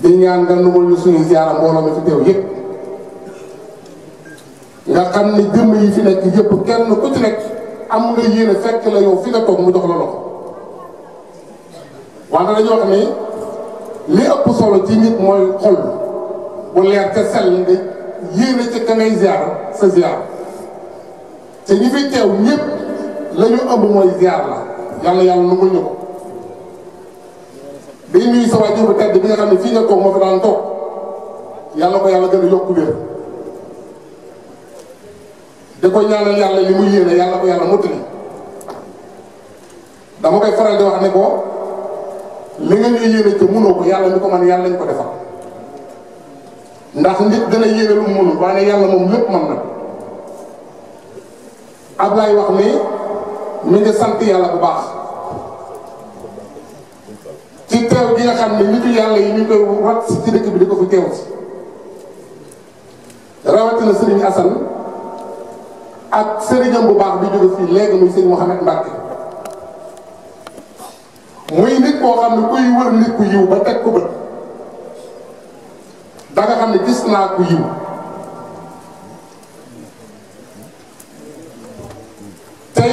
di ñaan nga numul ñu suñu ziyaara mbooloo mi fi teew yëpp nga xam ni jëmm yi fi nekk yëpp kenn ku ci nekk am nga yéene fekk la yow fi nga toog mu jox la loxo wante dañu wax ni li ëpp solo ci nit mooy xol bu leer te sell nga yéene ca ka ngay ziar sa ziar te ñi fi teew ñëpp la ñu ëmb mooy ziar la yàlla yàlla nu mu ñu ne fii nga toog moo fi daan yàlla ko yàlla gën a yokk wér da ko ñaanal mu yéene yàlla yàlla mottali dama koy faral di wax ne ko. li nga ñuy yéene te mënoo ko yàlla mi ko man yàlla ñu ko defal ndax nit dana yéene lu mu waaye yàlla moom lépp mën na Ablaye wax ni mi ngi sant yàlla bu baax ci teew gi nga xam ne nitu yàlla yi ñu koy wat si ci dëkk bi di ko fi teew si rawatina sëriñ Assane ak sëriñam bu baax bi jóge fii léegi muy Serigne Mouhamed Mbacke muy nit koo xam ne kuy wër nit ku yiw ba teg ko bët da xam ne gis naa ku yiw tey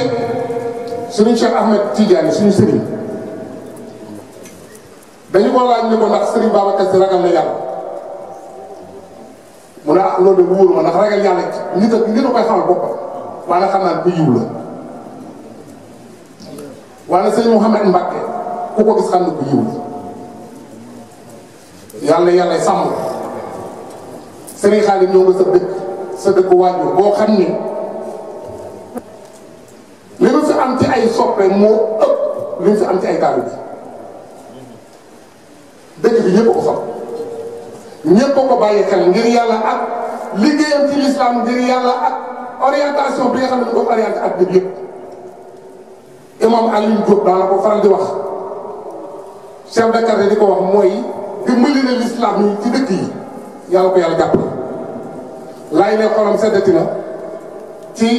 suñu Cheikh Ahmed Tidiane suñu sëriñ dañu ko laaj ni ko ndax sëriñ Babacar Si ragal na yàlla mu ne ah loolu de wóoruma ndax ragal yàlla nit ak nit a koy xamal boppam waaye xam naa ku yiw la waaye sëñ Mouhamed Mbacke ku ko gis xam ne ku yiw yàlla yàlla sàmm sëriñ Xaadim ñëw nga sa dëkk sa dëkk waajur boo xam ni li nu fi am ci ay soppe moo ëpp li nu fi am ci ay taalibe bi dëkk bi ñëpp ko xam ñëpp ko bàyyi xel ngir yàlla ak liggéeyam ci lislaam ngir yàlla ak orientation bi nga xam ne ko orienté ak nit yëpp imam Alioune Diop daal la ko faral di wax chef de carré di ko wax mooy dimbali na l'islam yi ci dëkk yi yàlla ko yàlla jàppale laay ne xolam seddati na ci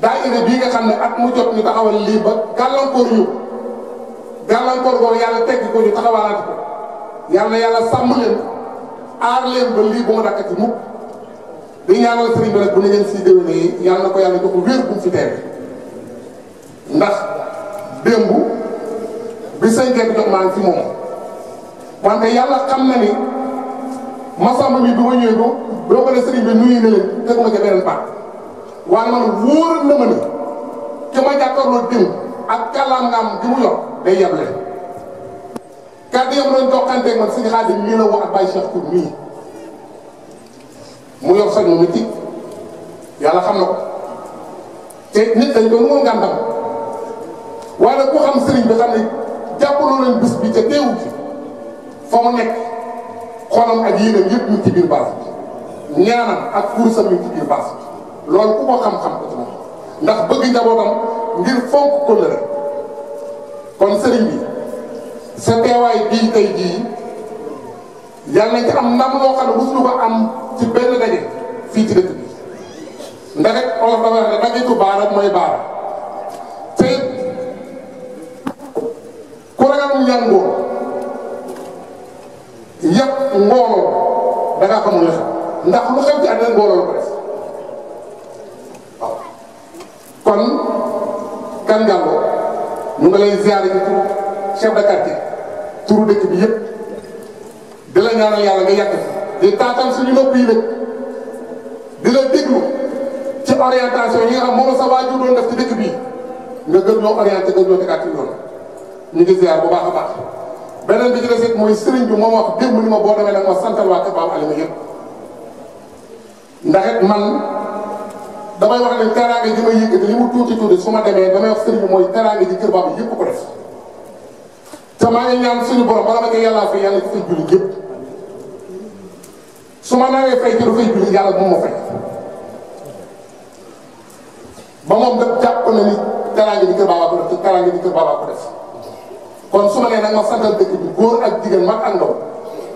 daayira bii nga xam ne at mu jot ñu taxawal lii ba gàllankoor ñu gàllankoor boobu yàlla tegg ko ñu taxawalaat ko yàlla yàlla sàmm leen aar leen ba lii bu ma dakk ci mukk di ñaanal sëriñ bi nag bu ne ngeen siy déwénee yàlla na ko yàlla jox ko wér bu mu fi ndax démb bi say gerte jox maa si moom wante yàlla xam na ni masamba mi bi ma ñëwee ko boo ko ne sëriñ bi nuyu na leen tegu ma ca beneen baat waaye man wóor na ma ni ki ma jàkkaarloo démb ak kàllaangam gi mu yor day yeble kàddu yam doon joxanteeg man suñu xaalis mii la woo ak Baye Cheikh Tour mii mu yor sañ ma mu yàlla xam na ko te nit dañ doon woon ngàntam waaye ku xam sëriñ bi xam ne jàppaloo leen bés bi ca teewu ci fa mu nekk xolam ak yéenam yëpp ñu ci biir baas bi ñaanam ak kursam ñu ci biir baas bi loolu ku ko xam-xam ko ci moom ndax bëgg njabootam ngir fonk ko la rek kon sëriñ bi sa teewaay bii tey jii yàlla nañ ci am ndam loo xam ne mosuñu ko am ci benn daje fii ci dëkk bi ndax rek olof dafa ne daje ko baara mooy baara ragalul yar ngoon yëpp ngooloo da ngaa xamul la ndax lu xew ci la ko def kon kan Gallo mu nga lay ziare ci turu chef de quartier turu dëkk bi yëpp di la ñaanal yàlla nga yàgg di taataan suñu nopp yi nag di la déglu ci orientation yi nga xam moom sa waajur doon def ci dëkk bii nga gën ñoo orienté gën ñoo tegaat ci yoon ñu ngi ziar bu baax a baax beneen bi ci mooy sëriñ bi moom wax démb ni ma boo demee nag ma santal waa Kapaam Alima yëpp ndax it man damay wax ne teraange ji may yëkkati li mu tuuti tuuti su ma demee damay wax sëriñ bi mooy teraange ji kër baam yëpp ko def te suñu borom bala ma koy yàllaa fay yàlla su ma nawee fay ci lu fay julli yàlla moom ma fay ba moom daf jàpp na ni teraange ji kër baam ko def te teraange ji kër baam ko def. kon su ma nee nag ma santal dëkk bi góor ak jigéen mag ak ndaw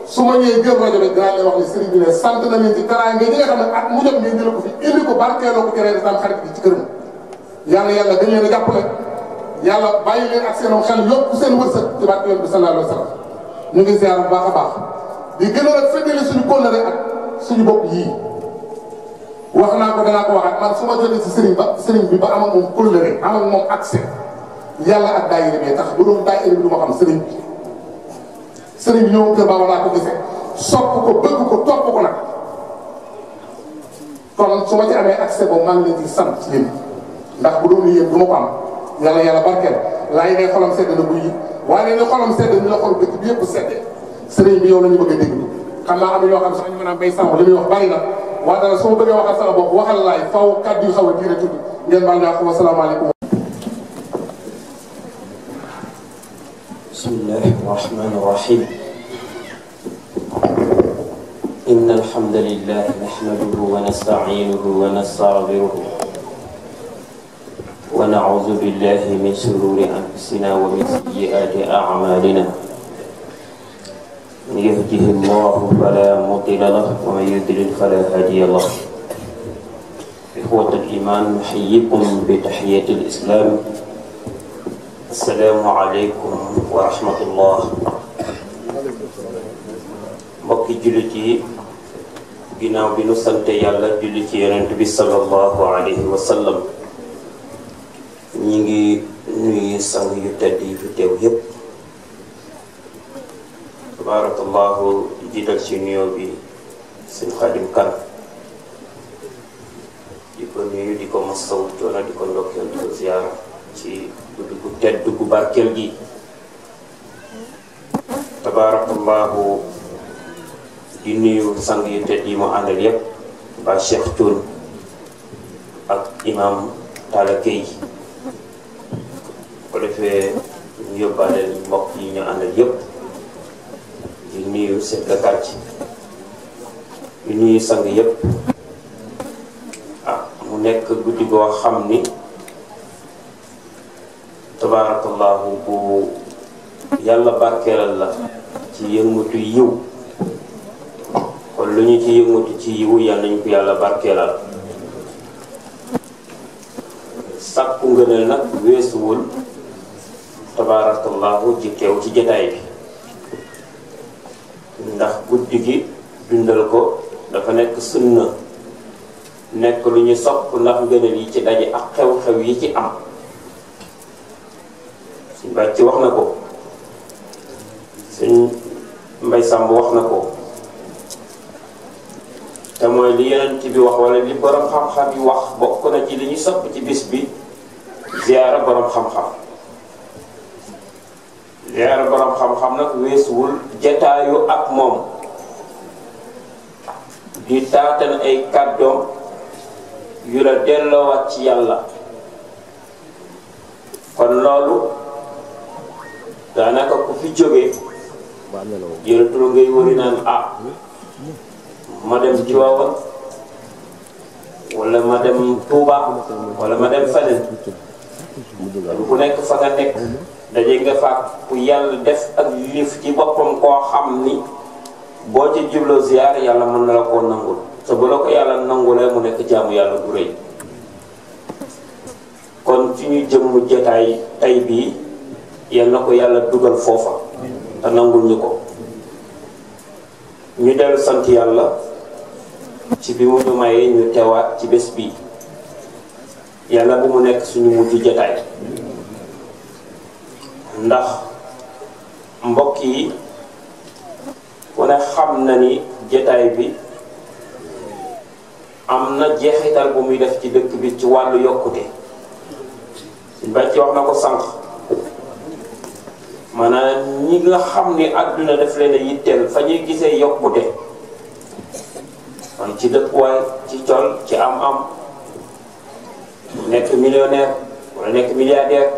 su ma ñëwee gër rajo bi dinaa leen wax ne sëriñ bi ne sant na leen ci teraanga mu jot ngeen ko fi indi ko barkeeloo ko ci reer tam xarit bi ci këram yàlla yàlla dañ leen a jàppale yàlla bàyyi leen ak seenom xel yokk seen wërsëg ci barke yoon bi ngi ziar bu a di gën a suñu kóllëre ak suñu bopp yii wax naa ko danaa ko waxaat man su ma jotee si sëriñ ba bi ba am ak moom kóllëre am ak moom accès yàlla ak daayira bi tax bu doon daayira bi du ma xam sëriñ bi sëriñ bi ñëw kër Baba laa ko gisee sopp ko bëgg ko topp ko nag kon su ma ci amee accès boobu maa ngi leen di sant ci ndax bu doon yéen du ma ko am yàlla yàlla barkeel laa yi ngay xolam sedd na bu yi waaye ne xolam sedd ni la xol dëkk bi yëpp seddee sëriñ bi yow la ñu ko a déglu xam naa am na ñoo xam sax ñu mën a bay sànq li muy wax bari na waaye dara su ma bëggee waxal sama bopp waxal laay faw kàddu a diire tudd ngeen baal ñu بسم الله الرحمن الرحيم إن الحمد لله نحمده ونستعينه ونستغفره ونعوذ بالله من شرور أنفسنا ومن سيئات أعمالنا من يهده الله فلا مضل له ومن يضلل فلا هادي له إخوة الإيمان نحييكم بتحية الإسلام asalaamualeykum wa rahmatullah mbokki jullit yi ginnaaw bi nu sante yàlla julli ci yonent bi sallallahu alayhi wa ñi ngi nuyu sang yu tedd yi fi jiital ci nuyoo bi seen kan di ko nuyu di ko masawu coono di ko ndokkeel di ko ziyaara si guddi gu duku gu gi tabarakallahu di nuyu sang yu tedd yi mu àndal yep ba cheikh tun ak imam talakey ko defee ñu yóbbaale mbokk yi ñu àndal yépp di nuyu chef de quartier di nuyu sang yépp ah mu nekk guddi goo ni tabaarakallaahu bu yàlla barkeelal la ci yëngatu yiw kon lu ñu ci yëngatu ci yiw yàlla nañu ko yàlla barkeelal sàkku ngëneel nag weesuwul tabaarakallaahu ci teew ci jataay bi ndax guddi gi dundal ko dafa nekk sunna nekk lu ñu sopp ndax ngëneel yi ci daje ak xew-xew yi ci am ci wax na ko suñ Mbay Sàmb wax na ko te mooy li ci bi wax wala li borom xam-xam yi wax bokk na ci li ñu sopp ci bis bi ziyaara borom xam-xam ziyaara borom xam-xam nag weesuwul jataayu ak moom di taatan ay kàddoom yu la delloowaat ci yàlla kon loolu daanaka ku fi jógee jëratul ngay wëri naan ah ma dem Tiwaawan wala ma dem Touba wala ma dem feneen ku nekk fa nga nekk daje nga faak ku yàlla def ak liif ci boppam koo xam ni boo ci jubloo ziyaar yàlla mën na la koo nangul te bu la ko yàlla nangulee mu nekk jaamu yàlla bu rëy kon suñu jëmm jetaay tay bii yal na ko yàlla dugal foofa te nangul ko ñu dellu sant yàlla ci bi mu ñu mayee ñu teewaat ci bés bii yàlla bu mu nekk suñu mujj jotaay ndax mbokk yi ku ne xam na ni jotaay bi am na jeexital bu muy def ci dëkk bi ci wàllu yokkute ba ci wax na ko sànq maanaam ñi nga xam ni àdduna daf leen a yitteel fa ñuy gisee yokkute kon ci dëkkuwaay ci col ci am-am mu nekk millionnaire wala nekk milliardaire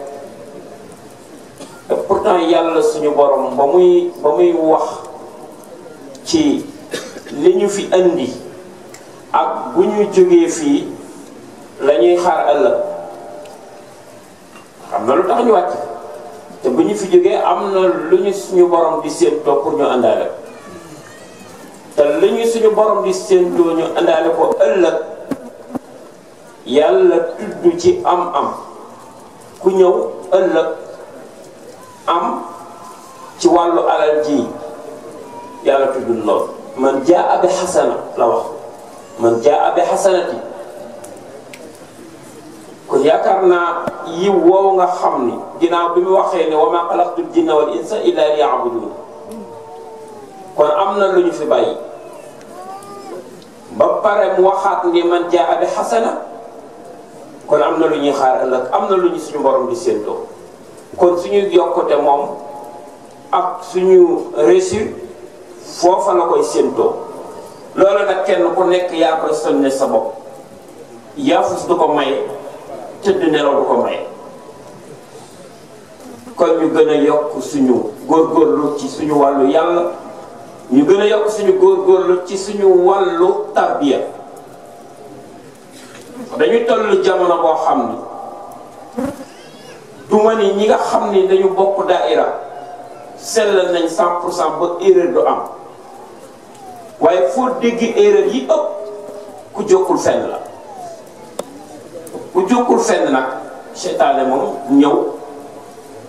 et pourtant yàlla suñu borom ba muy ba muy wax ci li ñu fi andi ak bu ñu jógee fii lañuy ñuy xaar ëllëg xam na lu tax ñu wàcc. te bu ñu fi jógee am na lu ñu suñu borom di séentoo pour ñu àndaale te lu ñu suñu borom di séentoo ñu àndaale ko ëllëg yàlla tudd ci am-am ku ñëw ëllëg am ci wàllu alal ji yàlla tudd lool man jaa abe xasana la wax man jaa abe xasanati kon yaakaar naa yiw woowu nga xam ni ginnaaw bi mu waxee ne wa ma xalaqtul jinna wal insa bu liya'budun kon am na lu ñu fi bàyyi ba pare mu waxaat ni man jaa bi xasana kon am na lu ñuy xaar ëllëg am na lu ñu suñu boroom di séentoo kon suñu yokkute moom ak suñu réussite foofa la koy séentoo loolu nag kenn ku nekk yaa koy sonne sa bopp yaa fus du ko maye tëdd nelaw du ko may kon ñu gën a yokk suñu góorgóorlu ci suñu wàllu yàlla ñu gën a yokk suñu góor góorgóorlu ci suñu wàllu tarbiya dañu toll jamono boo xam ni duma ni ñi nga xam ni dañu bokk daaira sellal nañ 100 pour cent ba erreur du am waaye foo dégg erreur yi ëpp ku jokkul fenn la ku jokkul fenn nag seytaane moom ñëw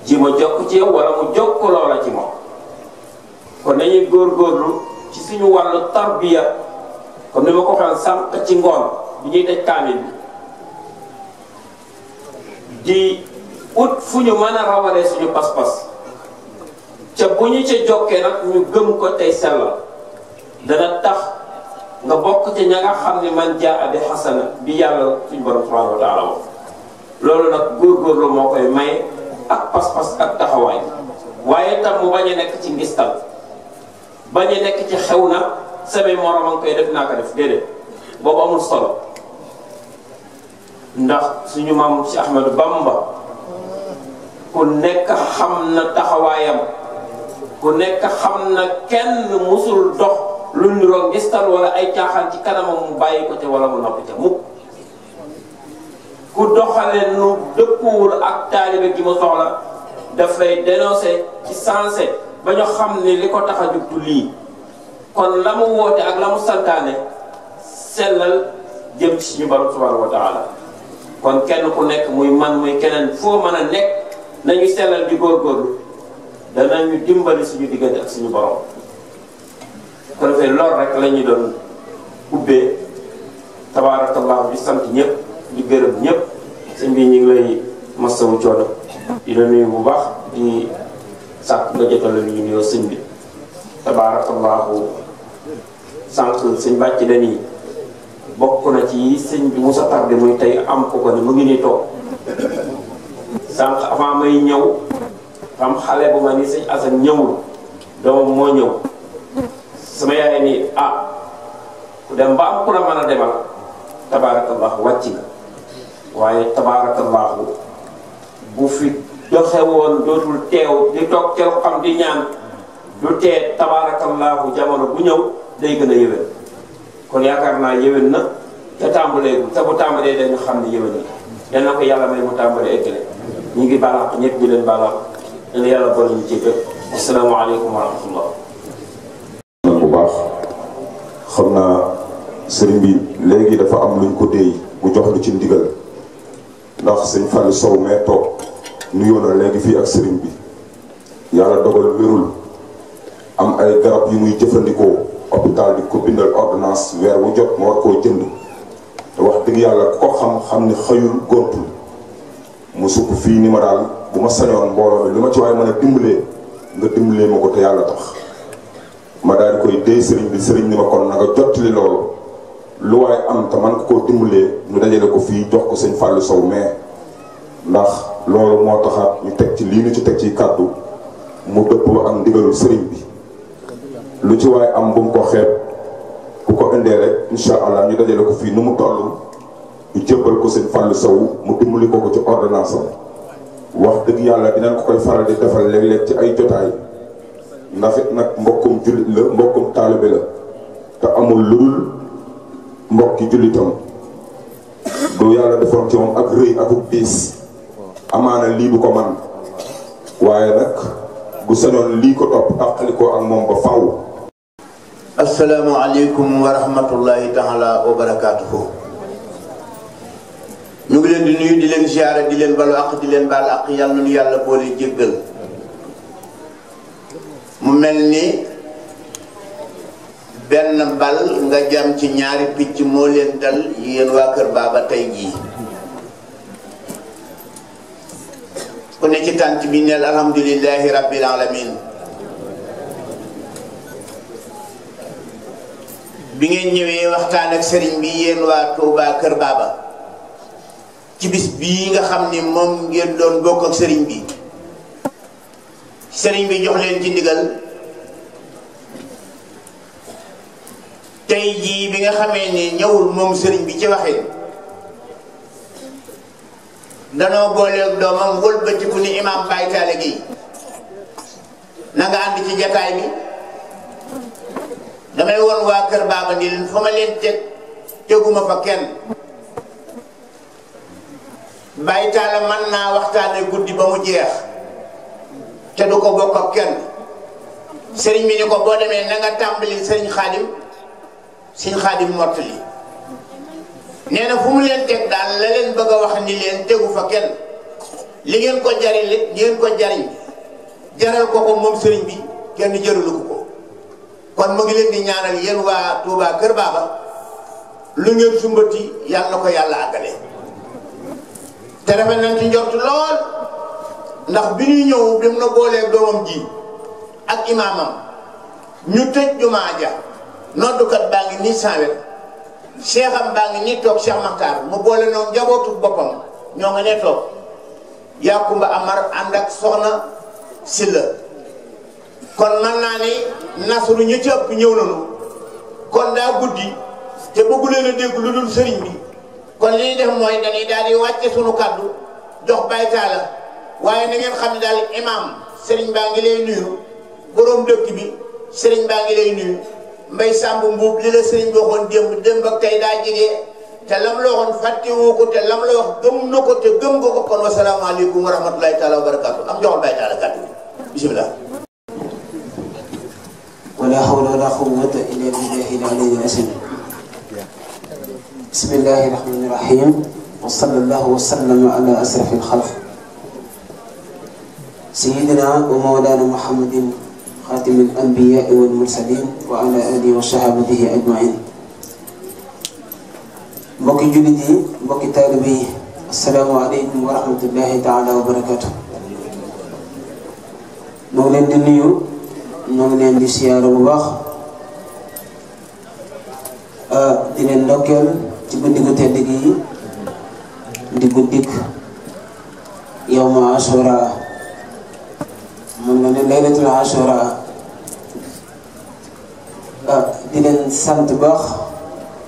ji ma jokk ci yow wala mu jokk loola ci moom kon nañuy góorgóorlu ci suñu wàllu tarbiya comme ni ma ko waxee sànq ci ngoon bi ñuy daj kaamil bi di ut fu ñu mën a rawalee suñu pas-pas ca bu ñu ca jokkee nag ñu gëm ko tey sellal dana tax nga bokk ci ña nga xam ne man jaa bi xasana bi yàlla suñu borom subhanahu wa taala moom loolu nag góorgóorlu moo koy maye ak pas-pas ak taxawaay waaye tam mu bañ nekk ci ngistal bañ nekk ci xew na samay moroom koy def naa ko def déedéet boobu amul solo ndax suñu maam ci Ahmadu Bamba ku nekk xam na taxawaayam ku nekk xam na kenn musul dox lu niroo ngistal wala ay caaxaan ci kanamam mu bàyyi ko te wala mu noppi te mukk ku doxale nu dëppuwul ak taalibe gi mu soxla daf lay dénoncé ci sensé ba ñu xam ni li ko tax a kon lamu wote woote ak la mu sellal jëm ci suñu borom subhanahu wa taala kon kenn ku nekk muy man muy keneen foo mën nekk nañu sellal di góorgóorlu danañu dimbali suñu diggante ak suñu borom ko defee lool rek la doon ubbee tabaarakallahu bi sant ñëpp di gërëm ñëpp sëñ bi ñu ngi lay masawu coono di la bu baax di sàkk nga jotal la ñu nuyoo sëñ bi tabaarakallahu sànq sëñ bàcc dañuy bokk na ci sëñ bi Moussa Tardé muy tey am ko ko ni mu ngi nii toog sànq avant may ñëw am xale bu ma ni sëñ Assane ñëwul doomam moo ñëw sama yaay nii ah ku dem ba ku la mën a demal tabaarakallaahu wàcc nga waaye tabaarakallaahu bu fi doxe dootul teew di toog ca xam di ñaan du tee tabaarakallaahu jamono bu ñëw day gën a yéwén kon yaakaar naa yéwén na te tàmbaleegul te bu tàmbalee dañu xam ne yéwén na yal na ko yàlla may mu tàmbale eggale ñu ngi balaax ñëpp di leen balaax yàlla boole ñu ci bépp asalaamaaleykum wa rahmatullah xam naa sëriñ bi léegi dafa am luñ ko déy bu jox lu ci ndigal ndax sëñ Fallou Sow mee toog nuyoo na léegi fii ak sëriñ bi yàlla dogal wérul am ay garab yu muy jëfandikoo hôpital di ko bindal ordonnance weer bu jot mu war koo jënd te wax dëgg yàlla ko xam xam ni xëyul gontul mu sukk fii ni ma daal bu ma sañoon mbooloo mi ma ci waaye mën a dimbalee nga dimbalee ma ko te yàlla tax ma daal di koy déy sëriñ bi sëriñ ni ma kon na nga jottali loolu lu waaye am te man ko koo dimbalee ñu dajale ko fii jox ko sëñ Fallou Sow mais ndax loolu moo taxaat ñu teg ci lii ñu ci teg ci kàddu mu dëppoo ak ndigalu sëriñ bi lu ci waaye am bu mu ko xeeb bu ko indee rek incha allah ñu dajale ko fii nu mu toll ñu ko sëñ Fallou Sow mu dimbali ko ko ci ordonnance am wax dëgg yàlla dinañ ko koy faral di defal léeg-léeg ci ay jotaay ndax nak mbokum julit la mbokum talibé la ta amul lul mbokk julitam do yàlla defon ci mom ak reuy ak bis amana li bu ko man waye nak bu sañon li ko top àqalikoo ak mom ba faw assalamu alaykum wa rahmatullahi taala wa barakatuh ñu ngi leen di nuyu di leen ziaré di leen balu ak di leen bal ak yàlla nu yàlla bo boole jéggal mu mel ni benn bal nga jam ci ñaari picc moo leen dal yéen waa Kër Baba tey jii ku ne ci tànt bi neel alhamdulillahi rabbil alamin bi ngeen ñëwee waxtaan ak sëriñ bi yéen waa Touba Kër Baba ci bis bii nga xam ni moom ngeen doon bokk ak sëriñ bi sëriñ bi jox leen ci ndigal tey jii bi nga xamee ni ñëwul moom sëriñ bi ci waxee danoo booleeg doomam wëlbatiku ni imam Baye Talla Gueye na nga ànd ci jataay bi damay won waa kër baaba ni leen fa ma leen teg teguma fa kenn Baye Talla naa waxtaane guddi ba mu jeex te du ko bokk ak kenn sëriñ bi ni ko boo demee nanga nga tàmbali sëriñ xaadim sëriñ xaadim mottali nee na fu mu leen teg daal la leen bëgg a wax ni leen tegu fa kenn li ngeen ko jariñ li ngeen ko jariñ jaral ko ko moom sëriñ bi kenn jëralu ko kon mu ngi leen di ñaanal yéen waa Touba Kër Baba lu ngeen sumbati yàlla ko yàlla àggale te rafet nañ ci lool ndax bi ñuy ñëw bi mu na boolee doomam ji ak imaamam ñu tëj jumaa ja noddukat baa ngi nii sanwet seexam baa ngi nii toog Cheikh Makhtar mu boole noonu njabootu boppam ñoo nga ne toog Yakumba Amar ànd ak soxna Silla kon man naa ni nasru ñu ñëw nañu kon daa guddi te bëggu leen a dégg lu dul sëriñ bi kon li ñu def mooy dañuy daal di wàcce sunu kàddu jox baytaala waaye na ngeen xam ne daal imam sëriñ baa ngi lay nuyu borom dëkk bi sëriñ baa ngi lay nuyu mbay sàmb mbuub li la sëriñ bi waxoon démb démb ak tey daa jege te lam la waxoon fàttewoo ko te lam la wax gëm na ko te gëm nga ko kon wasalaamaaleykum wa rahmatulahi taala wa barakaatu am joxoon bàyyi taala kàddu bisimilah ولا حول ولا قوة إلا بالله العلي العظيم بسم الله الرحمن الرحيم وصلى الله وسلم على أشرف الخلق سيدنا ومولانا محمد خاتم الأنبياء والمرسلين وعلى آله وصحبه أجمعين بكي جلدي بكي طالبي السلام عليكم ورحمة الله تعالى وبركاته نولين دنيو نولين دي سيارة مباخ دينين لوكيل تبو ديكو تدقي ديكو ديك يوم عشورة mu mel ne laylatul ashura di leen sant baax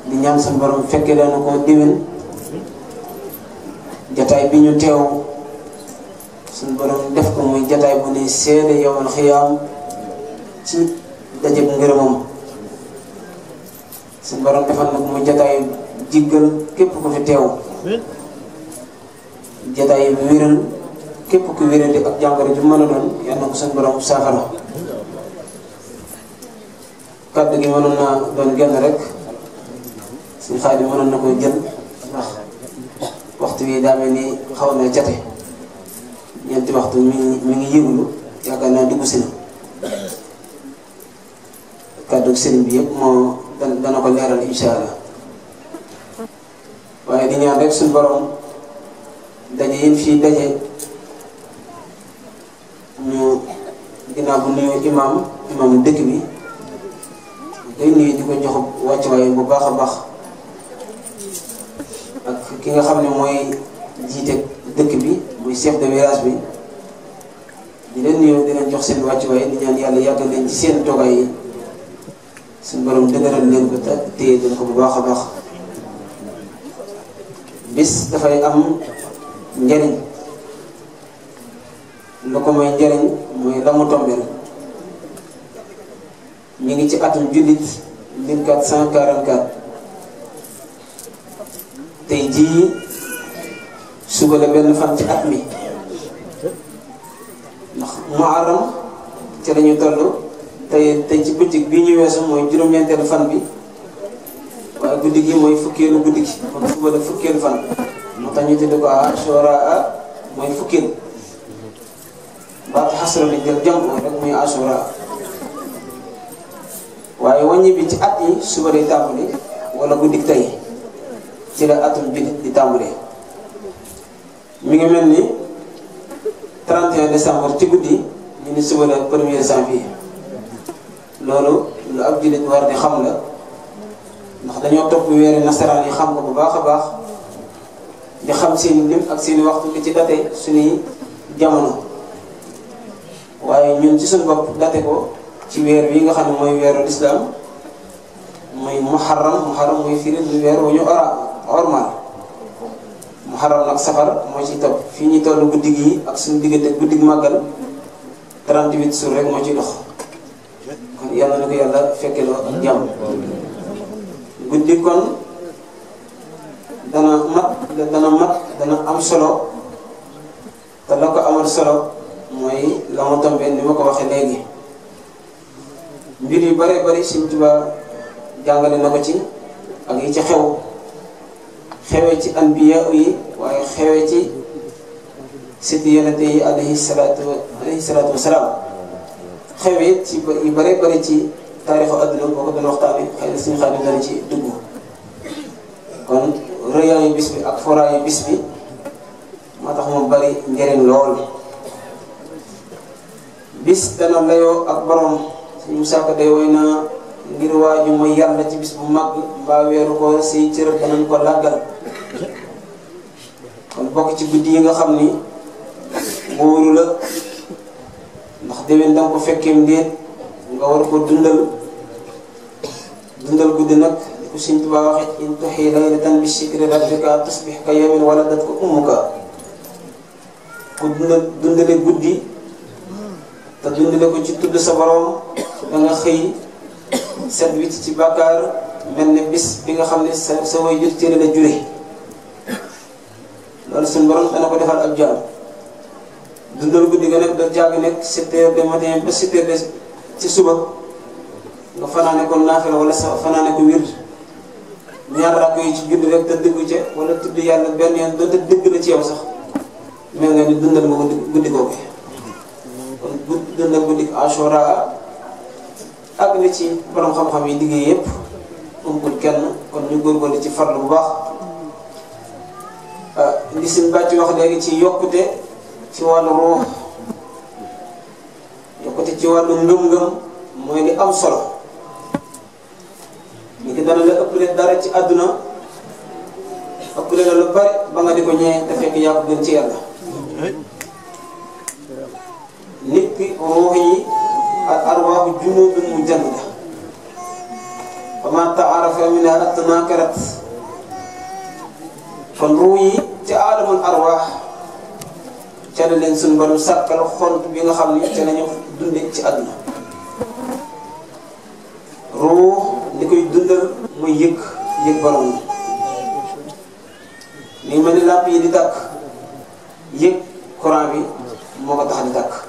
di ñaan suñu borom fekke dañu ko diwén jataay bi ñu teew suñu borom def ko muy jataay bu ne seede yowal xiyaam ci dajeb ngërëmam suñu borom képp ku wérante ak jàngoro ju mën a doon yal na ko seen borom saafara kàddu gi mënoon naa doon genn rek suñu xaaj bi mënoon na koy gën ndax waxtu wii daa ni xaw na jate ñeenti waxtu mi ngi mi ngi yëglu yaakaar naa dugg si na kàddu sëriñ bi yëpp moo dana ko leeral incha waaye di ñaan rek suñu borom daje yéen fii daje. ñu ginnaaw bu nuyoo imaam imaam dëkk bi day nuyu di ko jox wàccuwaay bu baax a baax ak ki nga xam ne mooy jiite dëkk bi muy chef de village bi di leen nuyu jox seen wàcc di ñaan yàlla yàgg leen ci seen toogaay yi suñu dëgëral leen ko te téye ko bu baax a baax bis dafay am njariñ lu ko may njëriñ mooy la mu tombeel ñu ngi ci atum jullit 1444 tey jii suba la benn fan ci at mi ndax muharram ci la ñu tey tey ci bëccëg bii ñuy weesu mooy juróom-ñeenteelu fan bi waaye guddi gi mooy fukkeelu guddi gi kon suba la fukkeelu fan moo tax ñu tudd ko a sora a mooy fukkeel ba xasra bi jël jàng rek muy asura waaye wàññi bi ci at yi suba day tàmbali wala guddik tey ci la atum jullit di tàmbali mu ngi mel ni 31 décembre ci guddi ñu ni suba la premier janvier loolu lu ab jullit war di xam la ndax dañoo topp weeri nasaraan yi xam ko bu baax a baax di xam seen lim ak seen waxtu di ci date suñuy jamono waaye ñun ci suñu bopp date ko ci weer wi nga xam ne mooy weeru lislaam muy muharram muharram mooy firi lu weer wu ñu ora ormal muharram nag safar moo ci topp fii ñu toll guddi gi ak suñu diggante guddi màggal 38 sur rek moo ci dox kon yàlla na ko yàlla jàmm guddi kon dana mat dana mat dana am solo te la ko amal solo mooy la ma tombé ni ma ko waxee léegi mbir yu bare bari Sëñ Tuubaa jàngale na ko ci ak yi ci xew xewee ci anbiya yi waaye xewee ci sëti yonente yi alayhi salaatu alayhi salaatu wasalaam ci yu bare bari ci taarixu adduna boo ko doon waxtaane xëy na suñu xaalis dana ci dugg kon rëyaayu bis bi ak foraayu bis bi moo tax mu bari njëriñ lool bis dana layoo ak borom suñu sàkk day woy na ngir waaju mooy yàlla ci bis bu mag mbaa weeru koor say cër danañ ko làggal kon bokk ci guddi yi nga xam ni wóoru la ndax déwén danga ko fekkeem ndéet nga war ko dundal dundal guddi nag di ko Sëñ bi sikri rabbika tusbix ka yawmin waladat ko ku dundale guddi te dundale ko ci sa borom ci bàkkaar mel ni bis bi nga xam ne sa sa way jur téere la jure loolu suñu borom dana ko defal ak jaam dundal guddi nga nekk da jàgg nekk sept heures de matin ba sept heures ci suba nga fanaane ko naafila wala sa fanaane ko wir ñaar rakk yi ci rek te dëggu ca wala tudd yàlla benn yoon doonte dëgg la ci yow sax mel nga ni dundal nga guddi googu dina nangu dik ashura ak na ci borom xam-xam yi liggéey yëpp umpul kenn kon ñu góorgóorlu ci farlu bu baax ah, li si mbàcc wax léegi ci yokkute ci wàllu ruux yokkute ci wàllu ngëm-ngëm mooy li am solo li ki dana la ëppale dara ci àdduna ëppale la lu bari ba nga di ko ñëwee te fekk yaa ci yàlla soppi ruux yi ak arwaaxu junóobin mu jannda fa ma taarafa minha tanakarat kon ruux yi ci aalamul arwaax ca la leen suñu borom sàkkal xont bi nga xam ne ca nañu dunde ci àdduna ruux li koy dundal muy yëg yëg borom ni mel ni làmp yi di tàkk yëg courant bi moo ko tax di tàkk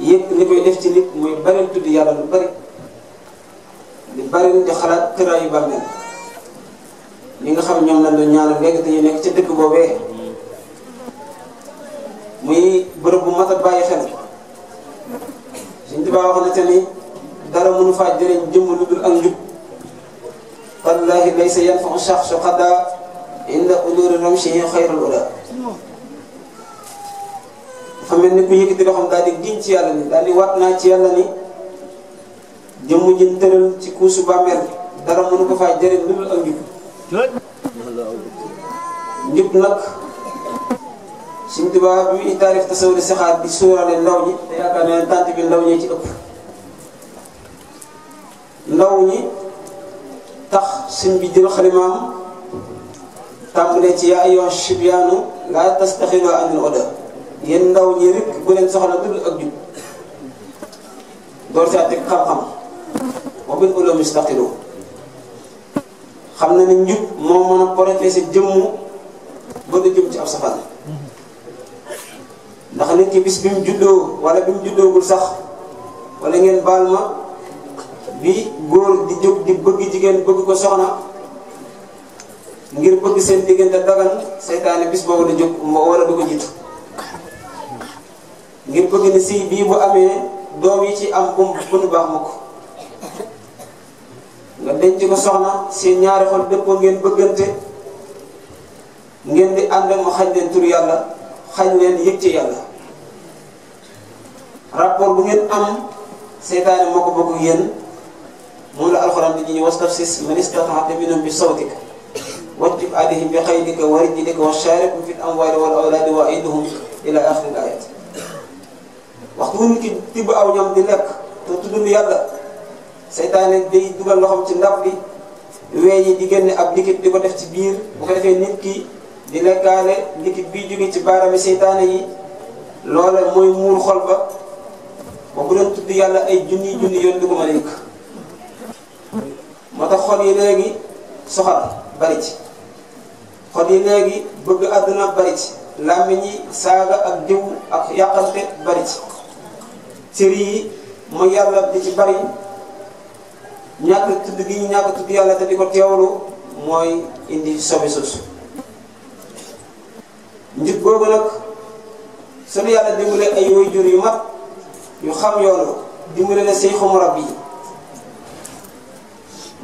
yëpp li koy def ci nit mooy baril tudd yàlla lu bari di baril di xalaat tëraayu bàmmeel li nga xam ñoom lañ doon ñaanal léegi te ñu nekk ca dëkk boobee muy bërëb bu mat a bàyyi xel suñ tubaa wax na te ni dara mënu faa jëriñ jëmm lu dul ak njub wallahi laysa yanfau shaxsu xada inda uluri ramshihi xayrul ula dafa mel ni ku yëkkati loxoom daal di giñ ci yàlla ni daal di waat naa ci yàlla ni jëmm jën tëral ci kuusu bàmmeel dara mënu ko faa jëriñ lu ak njub njub nag suñ tubaab bi muy taarif tasawur di saxaar di sóoraale ndaw ñi te yaakaar ne tànt bi ndaw ñee ci ëpp ndaw ñi tax suñ bi jël xalimaam tàmbalee ci yaa ayyuha shibyaanu laa tastaxilu anil hudaa yéen ndaw ñi rek bu leen soxla dul ak jub door saa teg xam-xam wa bil ulumi istaqilu xam na ne njub moo mën a professé jëmm ba du jëm ci ab safar ndax nit ki bis bi mu juddoo wala bi mu juddoogul sax wala ngeen baal ma bi góor di jóg di bëgg jigéen bëgg ko soxna ngir bëgg seen diggante dagan seytaane bis boobu da jóg wala du jiitu ngir ko ni sëy bii bu amee doom yi ci am kum bu nu baax mukk nga denc ko soxna seen ñaari xol dëppoo ngeen bëggante ngeen di ànd ak xañ leen tur yàlla xañ leen yëg ci yàlla rapport bu ngeen am seytaane moo ko bokk yéen moom la alxuraan di ñu wastafsis man istata'ta minhum bi sawtika wajlib alayhim bi qaydika wa rijlika wa sharikahum fil amwali wal awladi wa aidhum ila axiri al ayat wax wu nit ki tibb aw ñam di lekk te tuddul yàlla seytaane day dugal loxoom ci ndab bi wee yi di génne ab likit di ko def ci biir bu ko defee nit ki di lekkaale likit bi jóge ci baarami seytaane yi loola mooy muur xol ba ba bu doon tudd yàlla ay junni junni yoon di ko mën a yëkk moo tax xol yi léegi soxal bari ci xol yi léegi bëgg àdduna bari ci làmmiñ yi saaga ak diw ak yàqante bari ci sëri yi mooy yàlla di ci bari ñàkk tudd gi ñàkk tudd yàlla te di ko teewlu mooy indi sobi sus njub googu nag suñu yàlla dimbale ay waajur yu mag yu xam yoon dimbale la say xumurab yi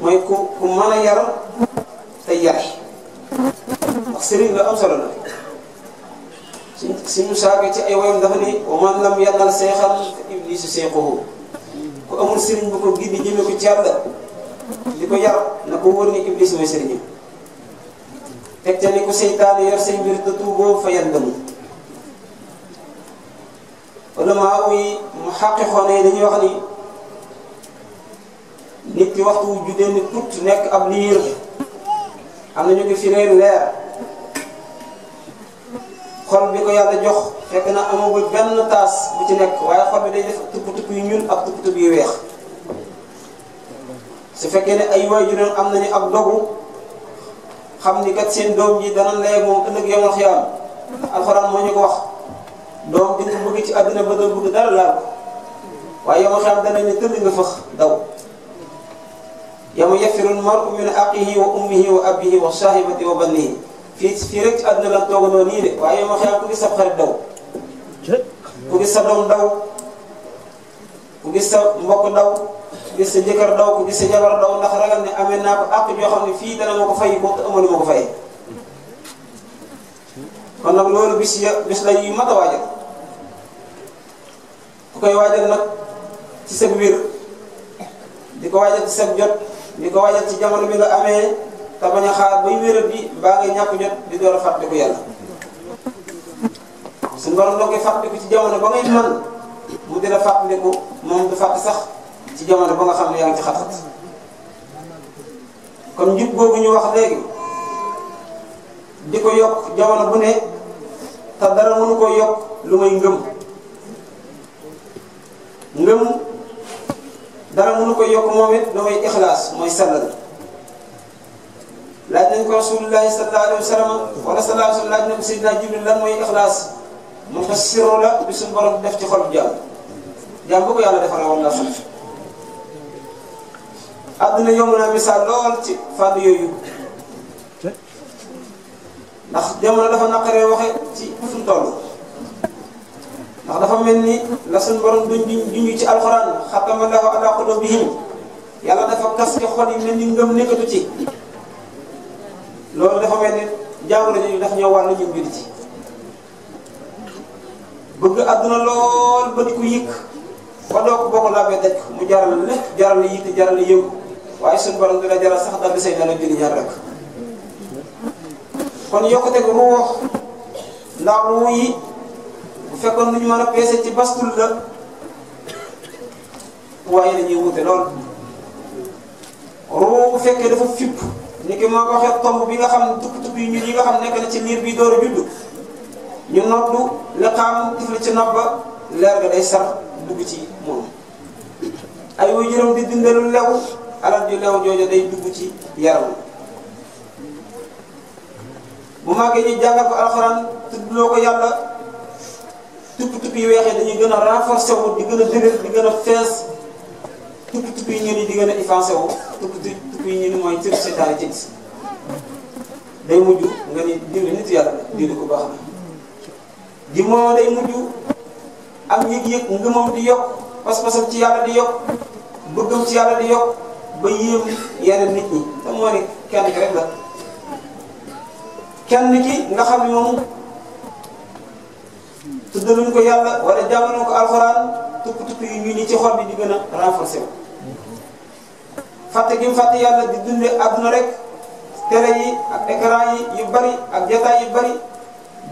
mooy ku ku mën a yar te yar ndax sëriñ am solo la suñu saaka ci ay woyam dafa ni wa man lam yàllal seexal iblisu seexuhu ku amul sëriñ bu ko gindi jëme ko ci li ko yar na ko wóor ni iblis mooy sëriñam teg ca ni ku seytaane yor say mbir te tuuboo fa yandamu ulamaa yi mu xàqi xoone yi dañuy wax ni nit ki waxtu juddee ni tut nekk ab liir am na ñu ko fi reer leer xol bi ko yàlla jox fekk na amagul benn taas bu ci nekk waaye xol bi day def tupp tupp yu ñuul ak tupp tupp yu weex su fekkee ne ay waajuram am nañu ak dogu xam ni kat seen doom ji dana lay moom ëllëg yomal xiyaam alxuraan moo ñu ko wax doom di nga bëgg ci àdduna ba doo bëgg dara laal waaye yomal xiyaam dana ne tëdd nga fëx daw maru min wa ummihi wa wa wa fii fii rek ci àdduna la toogandoo nii de waaye yow ma xëy ku gis sa xarit daw ku gis sa doom daw ku gis sa mbokk daw ku gis sa jëkkër daw ku gis sa jabar daw ndax ragal amee naa ko àq joo xam ne fii dana ma ko fay te amalu fay kon nag loolu bis ya bis la yu mat a waajal ku koy waajal nag ci sa biir di ko waajal ci sa jot di ko waajal ci jamono bi nga amee te bañ a xaar bay wérat bi baa ngi ñàkk jot di door a fàtte ko yàlla suñu borom doo koy fàttaliku ci jamono ba ngay man mu dina sax ci jamono ba nga xam ne yaa ngi ci xat kon njub googu ñu wax léegi di ko yokk jamono bu ne te dara mënu ko yokk lu may ngëm ngëm dara mënu ko yokk moom it lu may ixlaas mooy sellal laaj nañ ko rasulullahi sallallahu alayhi wa sallam wala sallallahu alayhi wa sallam na ko Seydina Jibril lan mooy ixlaas mu fa sirru la bi suñu borom def ci xolub jàmm jàmm bu ko yàlla defal la war ngaa sant àdduna yomb na misaal lool ci fànn yooyu ndax jamono dafa naqaree waxe ci fu mu toll ndax dafa mel ni la suñu borom duñ duñ ci alxuraan xatama lahu ala qulubihim yàlla dafa kas ci xol yi mel ni ngëm nekkatu ci. loolu dafa mel ni jàngoro ji ndax ñoo war na ñu mbir ci bëgg àdduna lool bët ku yëkk ba doo ko boo ko laabee daj mu jaral la jaral la waaye suñu borom dina jaral sax dagg say dana jëli ñaar rek kon fekkoon nu ñu mën a peese ci bascule la waaye lool ruux bu fekkee dafa fipp ni ki moo ko waxee tomb bi nga xam ne tukki tukki yu yi nga xam nekk na ci niir bi door a judd ñu noddu liqaam tifli ci nopp leer ga day sar dugg ci moom ay wuy juróom di dundalu lew alal ju lew jooju day dugg ci yaram bu màggee ñu ko alxuraan tuddloo ko yàlla tukki tukki yu dañuy gën a renforcé wu di gën a dëgër di gën a fees tukki tukki yu ñun di gën a effacé wu tukki tukki fii ñun mooy cër seytaane ci gis day mujj nga ni diw nit yàlla diw ko baax na di moo day mujj am yëg-yëg ngëmam di yokk pas-pasam ci yàlla di yokk bëggam ci yàlla di yokk ba yéem yeneen nit ñi te moo ne kenn ki rek la kenn ki nga xam ne moom tuddaluñ ko yàlla wala jàngaluñ ko alxuraan tupp tupp yu ñu ni ci xol di gën a renforcé wu fàtte gi fàtte yàlla di dunde aduna rek télé yi ak écran yi yu bari ak jota yu bari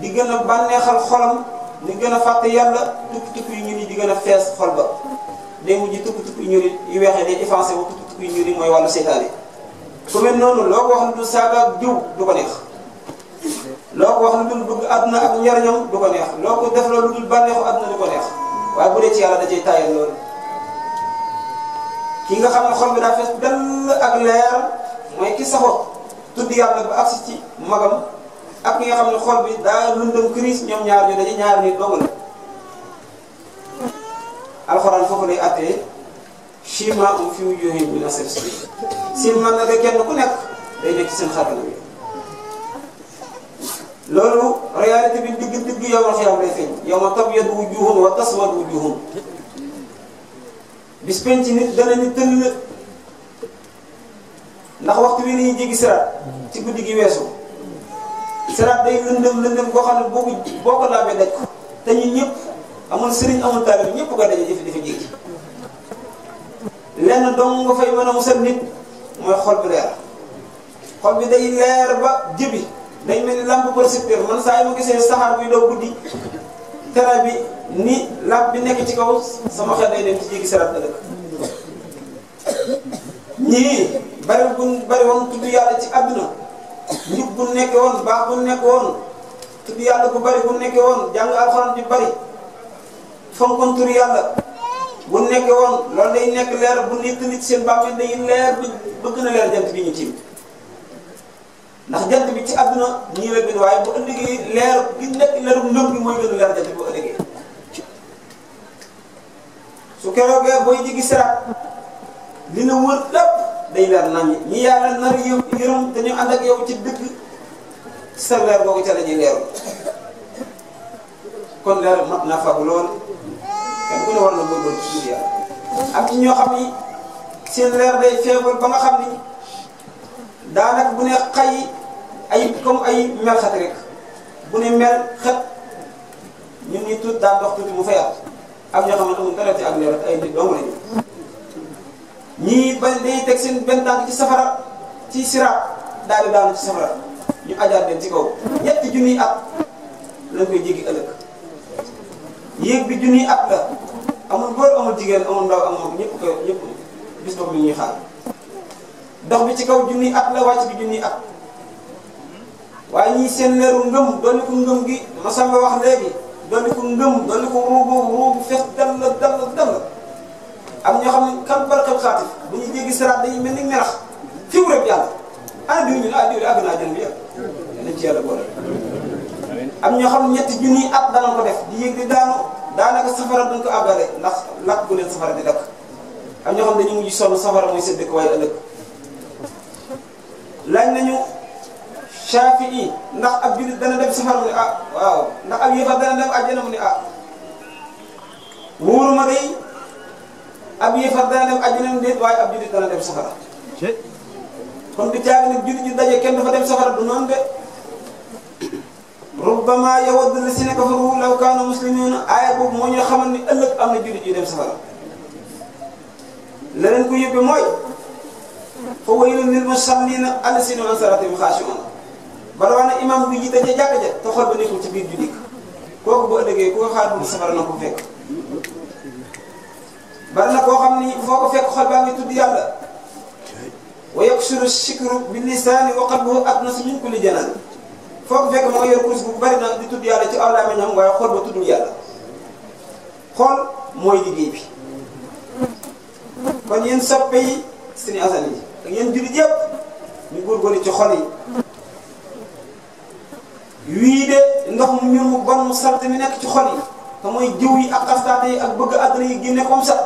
di gëna a bànneexal xolam di gëna a fàtte yàlla tukki-tukki yu ñuul yi di gëna fess xol ba day ji tukki-tukki yu ñuul yu wéxé day effacé wu tukki-tukki yu ñuul moy walu wàllu seytaane ku mel nonu loo ko wax du saga ak diw du ko neex loo ko wax ne dul bëgg aduna ak ñar njariñam du ko neex loo ko def lo lu dul bànneexu aduna du ko neex waaye bu dé ci yàlla da ci tayal loolu ki nga xam ne xol bi daa fees dell ak leer mooy ki saxoo tudd yàlla ba agsi ci magam ak ki nga xam ne xol bi daa lundam crise ñoom ñaar ñu daje ñaar nit dong la alxuraan foofu lay attee chima um fi wujuhin min asafsir sin man nag kenn ku nekk day nekk ci seen xarala bi loolu réalité bi digg digg yow ma xiyam lay feeñ yow ma tabyadu wujuhun wa taswadu wujuhun bis penc nit danañu tëll ndax waxtu wi nañu jéggi siraat ci guddi gi weesu siraat day lëndëm lëndëm boo xam ne boo ko boo ko laabee daj ko te ñun ñëpp amul sëriñ amul taalib ñëpp ko daje dafa dafa jéggi lenn dong nga fay mën a musal nit mooy xol bi leer xol bi day leer ba jëbi day mel ni lampe projecteur man saa yi ma gisee saxaar buy daw guddi tere bi ni laaj bi nekk ci kaw sama xel day dem ci jéggi saraat ëllëg ñii bari buñ bari woon tudd yàlla ci àdduna njub bu nekkee woon baax bu nekk woon tudd yàlla bu bari bu nekkee woon jàng alxuraan bi bari fonkoon tur yàlla bu nekkee woon loolu day nekk leer bu nit nit seen bàmmeel day leer bu bëgg na leer jant bi ñu tiim ndax jant bi ci àdduna nii la waaye bu ëllëgee leer gi nekk leerum nëb bi mooy gën leer jant bi bu ëllëgee su keroogee booy jigi siraat li na wër lépp day leer naññi ñi yàlla nar yë yërëm dañu ànd ak yow ci dëgg sa leer boobu ca la ñuy leeru kon leer mat na fagu lool kenn ku ne war na góorgóorlu ci jur yàlla am ñoo xam ni seen leer day feebal ba nga xam ni daanaka bu ne xay ay comme ay mel xat rek bu ne mel xat ñun ñu tuut daan dox tuuti mu fayaat ak ñoo xam ne amul dara ci ak leeral ay nit dong lañu ñii bañ dañuy teg seen benn tànk ci safara ci siraat daal di daanu ci safara ñu ajaat leen ci kaw ñetti junniy at lañ koy jéggi ëllëg yéeg bi juni at la amul góor amul jigéen amul ndaw amul ñëpp ko ñëpp bis boobu ñuy xaar ndox bi ci kaw junniy at la wàcc bi junniy at waaye ñii seen leeru ngëm dolli ko ngëm gi masamba wax léegi dolli ko ngëm dolli ko ruubu ruubu ñoo xam ne kan barkal xaatif bu dañuy mel ni merax fiw rek yàlla ah diw ñu ah, am ñoo xam ne ñetti junniy at dana ko def di yéeg di daanu daanaka safara duñ ko àggale ndax lakk gu leen safara di lakk ñoo xam ne dañu mujj sonn safara mooy seen dëkk waaye ëllëg laaj nañu Shafii ndax ab jullit dana dem safara mu ne ah waaw ndax ab yéefar dana dem àjjana mu ne ah wóoruma day ab yéefar dana dem àjjana mu déet waaye ab jullit dana dem safara kon du jaag nag jullit ñu daje kenn dafa dem safara du noonu de rubbama yawaddu llaziina kafaru law kaanu muslimiina aaya boobu moo ñu xamal ni ëllëg am na jullit yu dem safara leneen ku yóbbe mooy fa waylun lil musalliina allaziina an salaatihim xaashi'uun bala wax ne imaam bi jiite ca jàkka ja te xol ba nekkul ci biir jullit kooku bu ëllëgee ku ko xaar bu safara na ko fekk. bari na koo xam ni foo ko fekk xol baa ngi tudd yàlla wa yaksuru shikru bi lisaani wa qalbuhu adnasu min kulli janaan foo ko fekk ma nga yor kurus bari na di tudd yàlla ci allah mi ñam waaye xol ba tuddul yàlla xol mooy liggéey bi kon yéen soppe yi suñu asal yi ak yéen jullit yëpp ñu góorgóorlu ci xol yi wii de ndox mu ñuul mu bon mu salte mi nekk ci xol yi te mooy jiw yi ak xastaate yi ak bëgg àdduna yi génne comme ça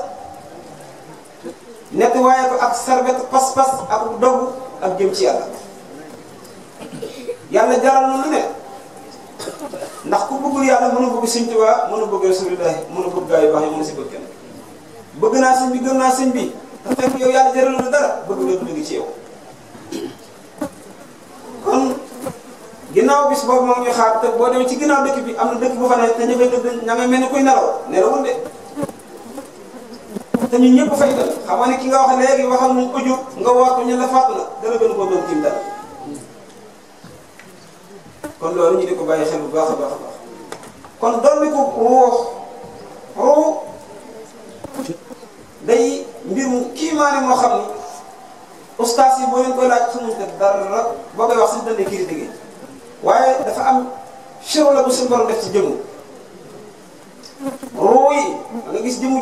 nettoyé ko ak sarbet pas-pas ak dogu ak jëm ci yàlla yàlla jaral na ne ndax ku bëggul yàlla mën a bëgg sëñ Tuubaa mën bëgg rasulillahi mën a gaa yu baax yi mën si bëgg naa sëñ bi gëm naa sëñ bi bu fekk yow yàlla mi ngi ci kon ginnaaw bis boobu moom ñu boo demee ci ginnaaw dëkk bi am na dëkk bu ne te ñu fay dëkk ña nga mel ki nga wax léegi waxal mu uju nga woo ko ñu la loolu ñu di ko bàyyi xel bu baax a baax baax kon dolli ko ruux ruux day mbir mu kiimaane moo xam ni ustaas yi boo leen koy laaj xamuñ ko dara boo koy wax suñu dëndee di déggee waaye dafa am cheru la bu suñu borom def ci jëmm ruu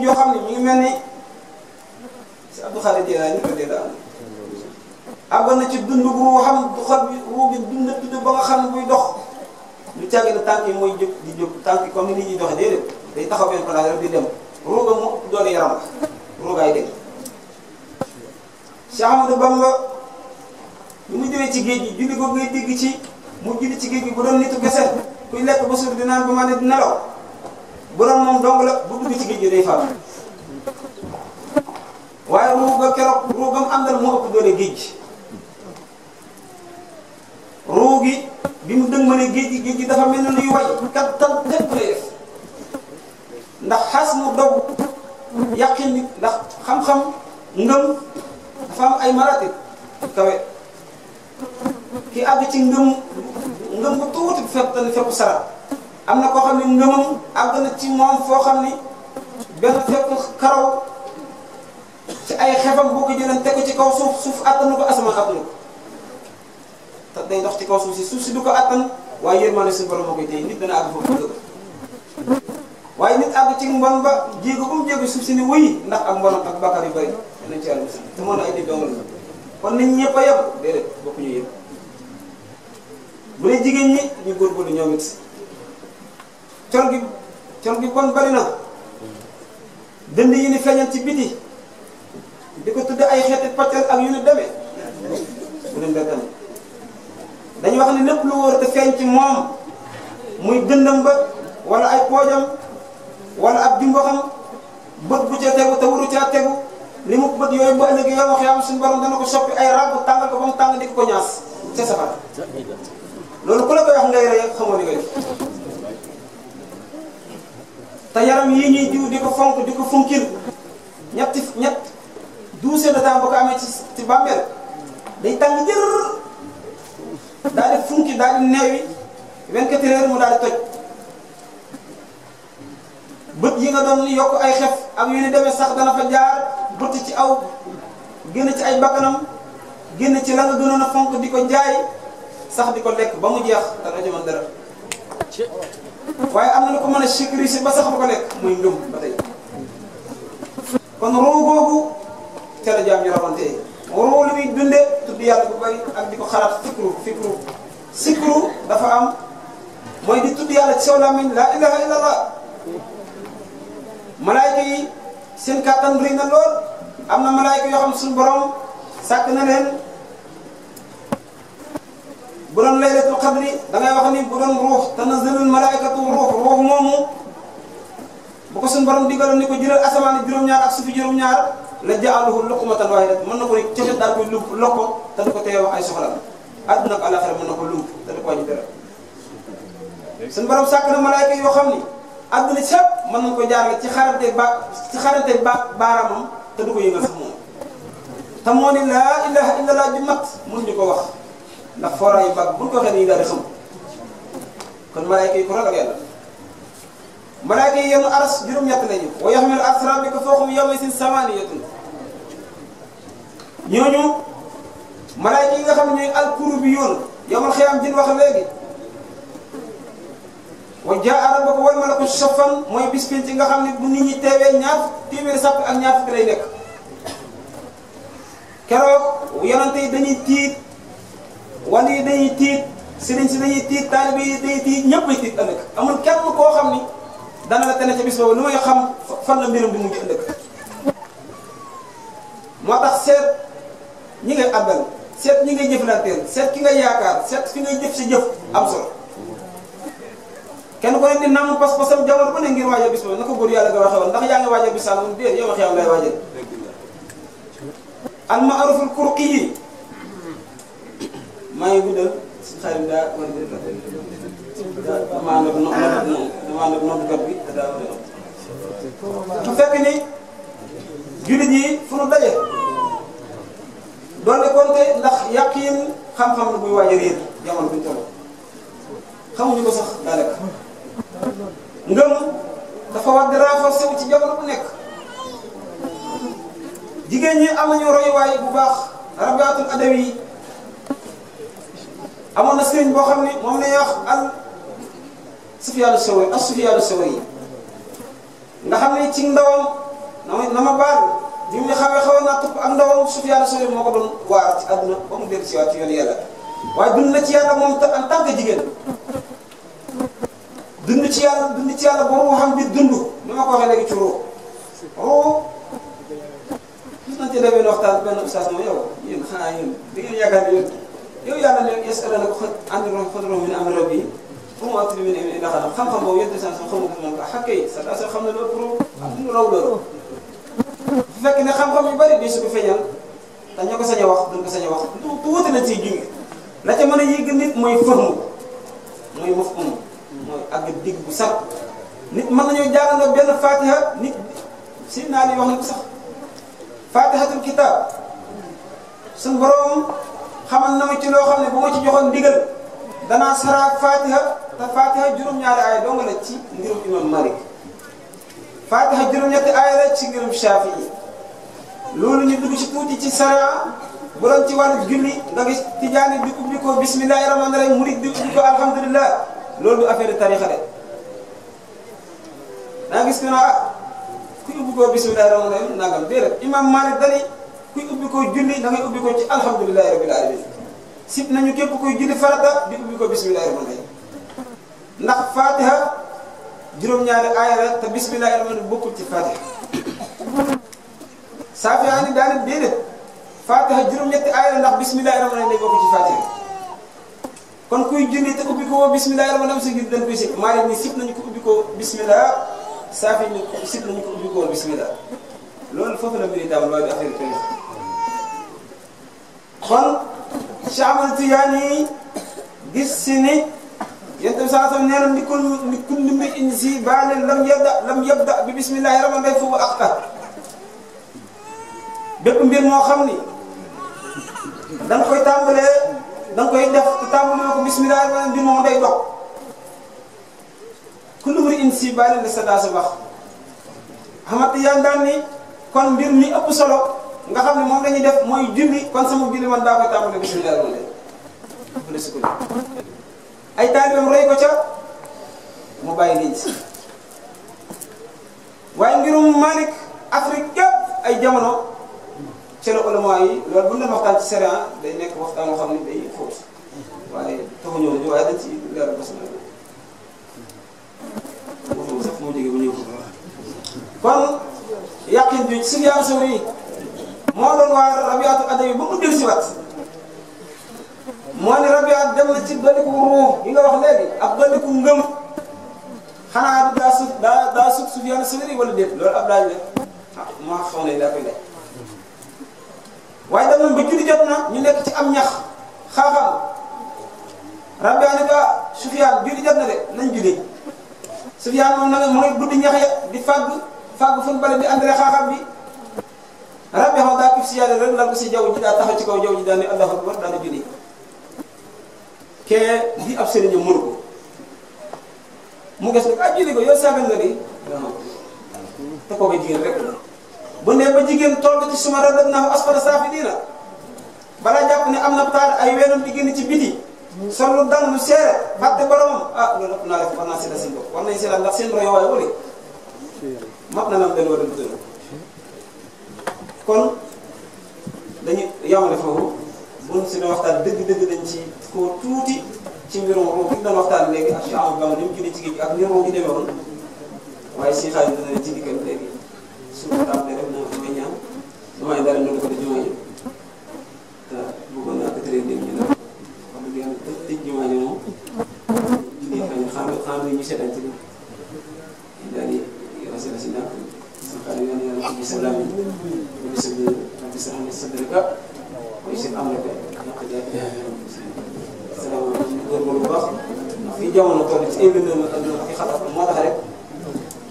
joo xam ne mi ngi mel ni si Abdou Khadir na ci dund xam du xol bi ruu ba nga xam ne buy dox lu càgg na tànk yi mooy jóg di jóg tànk yi comme ni nit ñi doxee déedéet day taxaw benn place rek di dem ruu ba mu doon yaram roogaay dëgg Cheikh Amadou Bamba bi mu jógee ci géej gi julli ko ngay dégg ci mu julli ci géej gi bu doon nitu geset kuy lekk ba suur di naan ba ma ne di nelaw bu doon moom dong la bu dugg ci géej gi day faam waaye ruuga keroog ruugam àndal moo ëpp doole géej gi ruu bi mu dëng ma géej gi géej gi dafa mel ni luy way ndax xas mu dog yàqin nit ndax xam-xam ngëm dafa am ay maratib kawe ki àgg ci ngëm ngëm bu tuuti bu fekk dana fekku sara am na koo xam ne ngëmam àgg na ci moom foo xam ne benn fekku karaw ci ay xefam boo ko jëlee teg ci kaw suuf suuf attanu ko asamaan attanu ko te day dox ci kaw suuf si suuf si du ko attan waaye yërmande suñu borom moo koy téye nit dana àgg foofu dëgg waaye nit àgg ci mbon ba jéego ba mu jéego suuf si ni wuy ndax ak mbonam ak bakkaar yu bëri dinañ ci yàlla bis te mën na ay nit dong la kon nañ ñëpp a yem déedéet yëpp bu dee jigéen ñi ñu góorgóorlu ñoom it cor gi cor gi dënd yi ni feeñal ci biti di ay xeeti paccal ak yu ne wax ne lépp lu wóor te feeñ ci moom muy dëndam ba wala ay poojam wala ab di mboxam bët bu ca tegu te wuru caa tegu li mu bët yooyu ba ëllëg yow wax yaa am suñu borom dana ko soppi ay rab tàngal ko ba tàng di ko ñaas ca safara loolu ku la koy wax ngay rey xamoo ni ngay te yaram yii ñuy diw di ko fonk di ko funkil ñetti ñett douze heures de temps ko amee ci ci bàmmeel day tàng jër daal di funki daal di neewi 24 heures mu daal di toj bët yi nga doon yokk ay xef ak yu ni demee sax dana fa jaar bëtt ci aw génn ci ay bakkanam génn ci la nga gënoon a fonk di ko jaay sax di ko lekk ba mu jeex te doo ci mën dara waaye am na lu ko mën a sécuriser ba sax bu ko lekk muy ngëm ba tey kon roo googu ca la jaam ñu rawante roo lu muy dunde tudd yàlla bu bari ak di ko xalaat fikru sikru dafa am mooy di tudd yàlla ci saw làmmiñ laa ilaha illallah malaayka yi seen kàttan bëri na lool am na malaayka yoo xam suñu borom sàkk na leen bu doon laylatul qadri da ngay wax ni bu doon ruux tanazalul malaayikatu ruux ruux moomu bu ko suñu borom digaloon ni ko jëlal asamaan juróom-ñaar ak suufi juróom-ñaar la jaaluhu luqmatan waahidatan mën na ko rek cëfet daal koy lump lokko te ko teye wax ay ko dara borom na xam ni àdduna sépp mën nañ ko jaarale ci ci xarante ba baaraamam te du ko yëngal sax moom te laa ilaha illa laa ju mat mënuñu ko wax ndax fooraayu bàgg buñ ko waxee dañuy daal di xam kon malaayka yi ko ragal yàlla malaayka yi yenn aras juróom-ñett lañu wa yaxmilu arsh rabbika fawqahum yawma sin samaaniyatun ñooñu malaayka yi nga xam ne ñooy alkurubiyoon yawmal xiyaam jin wax léegi wa jaa rabbuka wal malaku saffan mooy bis ci nga xam ne bu nit ñi teewee ñaar téeméeri sàpp ak ñaar fukki lay nekk keroog yonante yi dañuy tiit wali yi dañuy tiit sëriñ si dañuy tiit taalibe yi dañuy tiit ñëpp ay tiit ëllëg amul kenn koo xam ni dana la tene ca bis boobu lu may xam fan la mbirum di mujj ëllëg moo tax seet ñi ngay àndal seet ñi ngay jëflanteel seet ki nga yaakaar seet fi ngay jëf si jëf am solo kenn ko ne ni namu pas-pasam jamono ne ngir waajal bis boobu na ko góor yàlla nga ndax yaa ngi waajal bis mu déet yow wax yow lay waajal al maaruful kurqi yi maa ngi guddal xarit daa war bi daa maa nag no maa nag noddukat bi daa mu fekk ni jullit yi fu nu daje doon ne ndax yàqin xam-xam la buy waaj a réer jamono buñ toll ko sax daanaka ngëm dafa war di renforcé wu ci jamono bu nekk jigéen ñi am nañu royuwaay bu baax rabaatul adawi yi amoon na sëriñ boo xam ne moom la ñuy wax al sufiyaanu sawari as sufiyaanu sawari yi nga xam ne ci ndawam na ma na ma baal bi mu xamee naa topp ak ndawam sufiyaanu sawari moo ko doon waar ci àdduna ba mu dellu si waat yoon yàlla waaye dund na ci yàlla moom en tant que jigéen dund ci yàlla dund ci yàlla boobu nga xam ne dund ni ma ko waxee léegi ci roo roo gis la benn waxtaan benn ustaas moom yow yéen xanaa yéen da ngeen yaakaar ne yow yàlla ne est na roon am rab yi pour mu activé ne ne ndax xam-xam boobu yéen descente xam nga ko noonu ah xàkkee xam ne loolu pour ak lu su ko feeñal dañ ñoo ko sañ wax duñ ko sañ a wax tuuti na ciy jóge la ca mën a yëg nit mooy forme mooy a digg bu sax nit mën nañoo jàngandoo benn fatiha nit si naa li wax na ko sax fatihatul kitaab suñu borom xamal na ma ci loo xam ne bu ma ci joxoon ndigal danaa saraak fatiha te fatiha juróom-ñaari aaya dong la ci Malik fatiha juróom-ñetti aaya la ci ngirum Shafii loolu ñu dugg ci tuuti ci sara bu doon ci wàllu julli nga gis tijaani di ubbi ko bismillahi rahmaani rahim murid di ubbi ko alhamdulillah loolu du affaire tarixa de daa gis ah, ko naa kuy ubbi koo bismillahi rahmaani rahim nangam déedéet imam Malik dani kuy ubbi koo julli da ubbi ko ci alhamdulillahi rabbil alamin sib nañu képp kuy julli farata di ubbi ko bismillahi rahmaani rahim ndax fatiha juróom-ñaari aaya la te bismillahi rahmaani rahim bokkul ci fatiha saafiyaani daanit déedéet fatiha juróom-ñetti aaya la ndax bismillahi rahmaani rahim day bokk ci fatiha kon kuy julli te ubbi ko bismillah rahmaani rahiim si ngir dañ koy sikk maalik ni sib nañu ko ubbi ko bismillah saafi ni sib nañu ko ubbi ko bismillah loolu foofu la mbiri taamal waaye du affaire tënk kon Chaamal Tijaani gis si ni yéen tam saa sam nee na li kon li kulli mri'in si baanin lam yabda lam yabda bi bismillahi rahmaani rahiim foofu aqta bépp mbir moo xam ni da nga koy tàmbalee. da nga koy def tàmbali ko bismillah ma mbir moom day dox kullu mri'in si bàyyi la sa daa sa wax xamante yaa daan ni kon mbir mi ëpp solo nga xam ne moom la ñuy def mooy julli kon sama julli man daa koy tàmbali bismillah ma de ay taalibeem roy ko ca mu bàyyi liñ si waaye mbirum Malick yëpp ay jamono ci la ulama yi loolu bu ñu doon waxtaan ci séran day nekk waxtaan yoo xam ne day fóot waaye taxu ñëw ñu waaye dañ ci leer bas na waxuma sax moo jóge bu ñëw kon yàqin bi Sufyaan Sawri moo doon waa Rabiatu Adawi ba mu dellu si waat moo ne Rabiat dem na ci dolliku ruux yi nga wax léegi ak dolliku ngëm xanaa daa su daa daa sub Sufyaan Sawri wala déet loolu ab laaj la waaye da ba julli jot na ñu nekk ci am ñax xaaxal rabbi ne ka sufyaan julli jot na de nañ julli sufyaan moom nag mu ngi buddi ñax ya di fàgg fàgg fu bale bi andale xaaxal bi rabbi xam daa kif si yàlla rek lal ko si jaww ji daa taxaw ci kaw jaww ji daa ne allahu akbar daa julli kee di ab sëriñam mënu ko mu gis ne ah julli ko yow saagal nga di te kooku jigéen rek la bu ne ba jigéen toll ci suma radab naa asfala saafiliina balaa jàpp ne am na taar ay weenam di ci biti sol lu dang lu seere fàtte boromam ah loolu ëpp naa def war naa seetal seen bopp war nañ seetal ndax na lam benn war a kon dañu yamale foofu buñ si doon waxtaan dëgg-dëgg nañ ci koo tuuti ci mbirum roo gi doon waxtaan léegi ak si am ba ni mu ak ni roo gi waaye si xaalis dina ci dikkal léegi suñu tàmbalee rek moo ko ñaan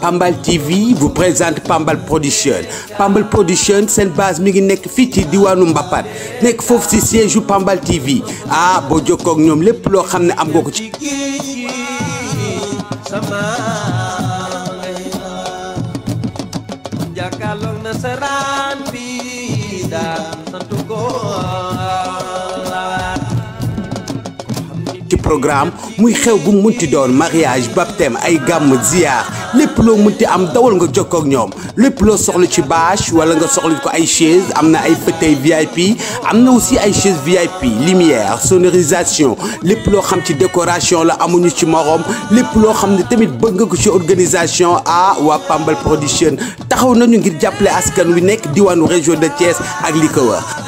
Pambal TV vous présente Pambal Production Pambal Production seen base mi ngi nekk fii ci diwaanu Mbapat nekk foofu ci siège u Pambal TV ah boo jokkoo ak ñoom lépp loo xam ne am nga ko ci. ci programme muy xew bu mu munti doon mariage baptême ay gàmm ziar lépp loo munti am dawal nga jokkoo ak ñoom lépp loo soxla ci bâche wala nga soxla ko ay chaise am na ay fauteuil VIP am na aussi ay chaise VIP lumière sonorisation lépp loo xam ci décoration la amuñu ci moroom lépp loo xam ni tamit bëgg nga ko ci organisation a waa Pambal production taxaw nañu ngir jàppale askan wi nekk diwaanu région de Thiès ak li ko wër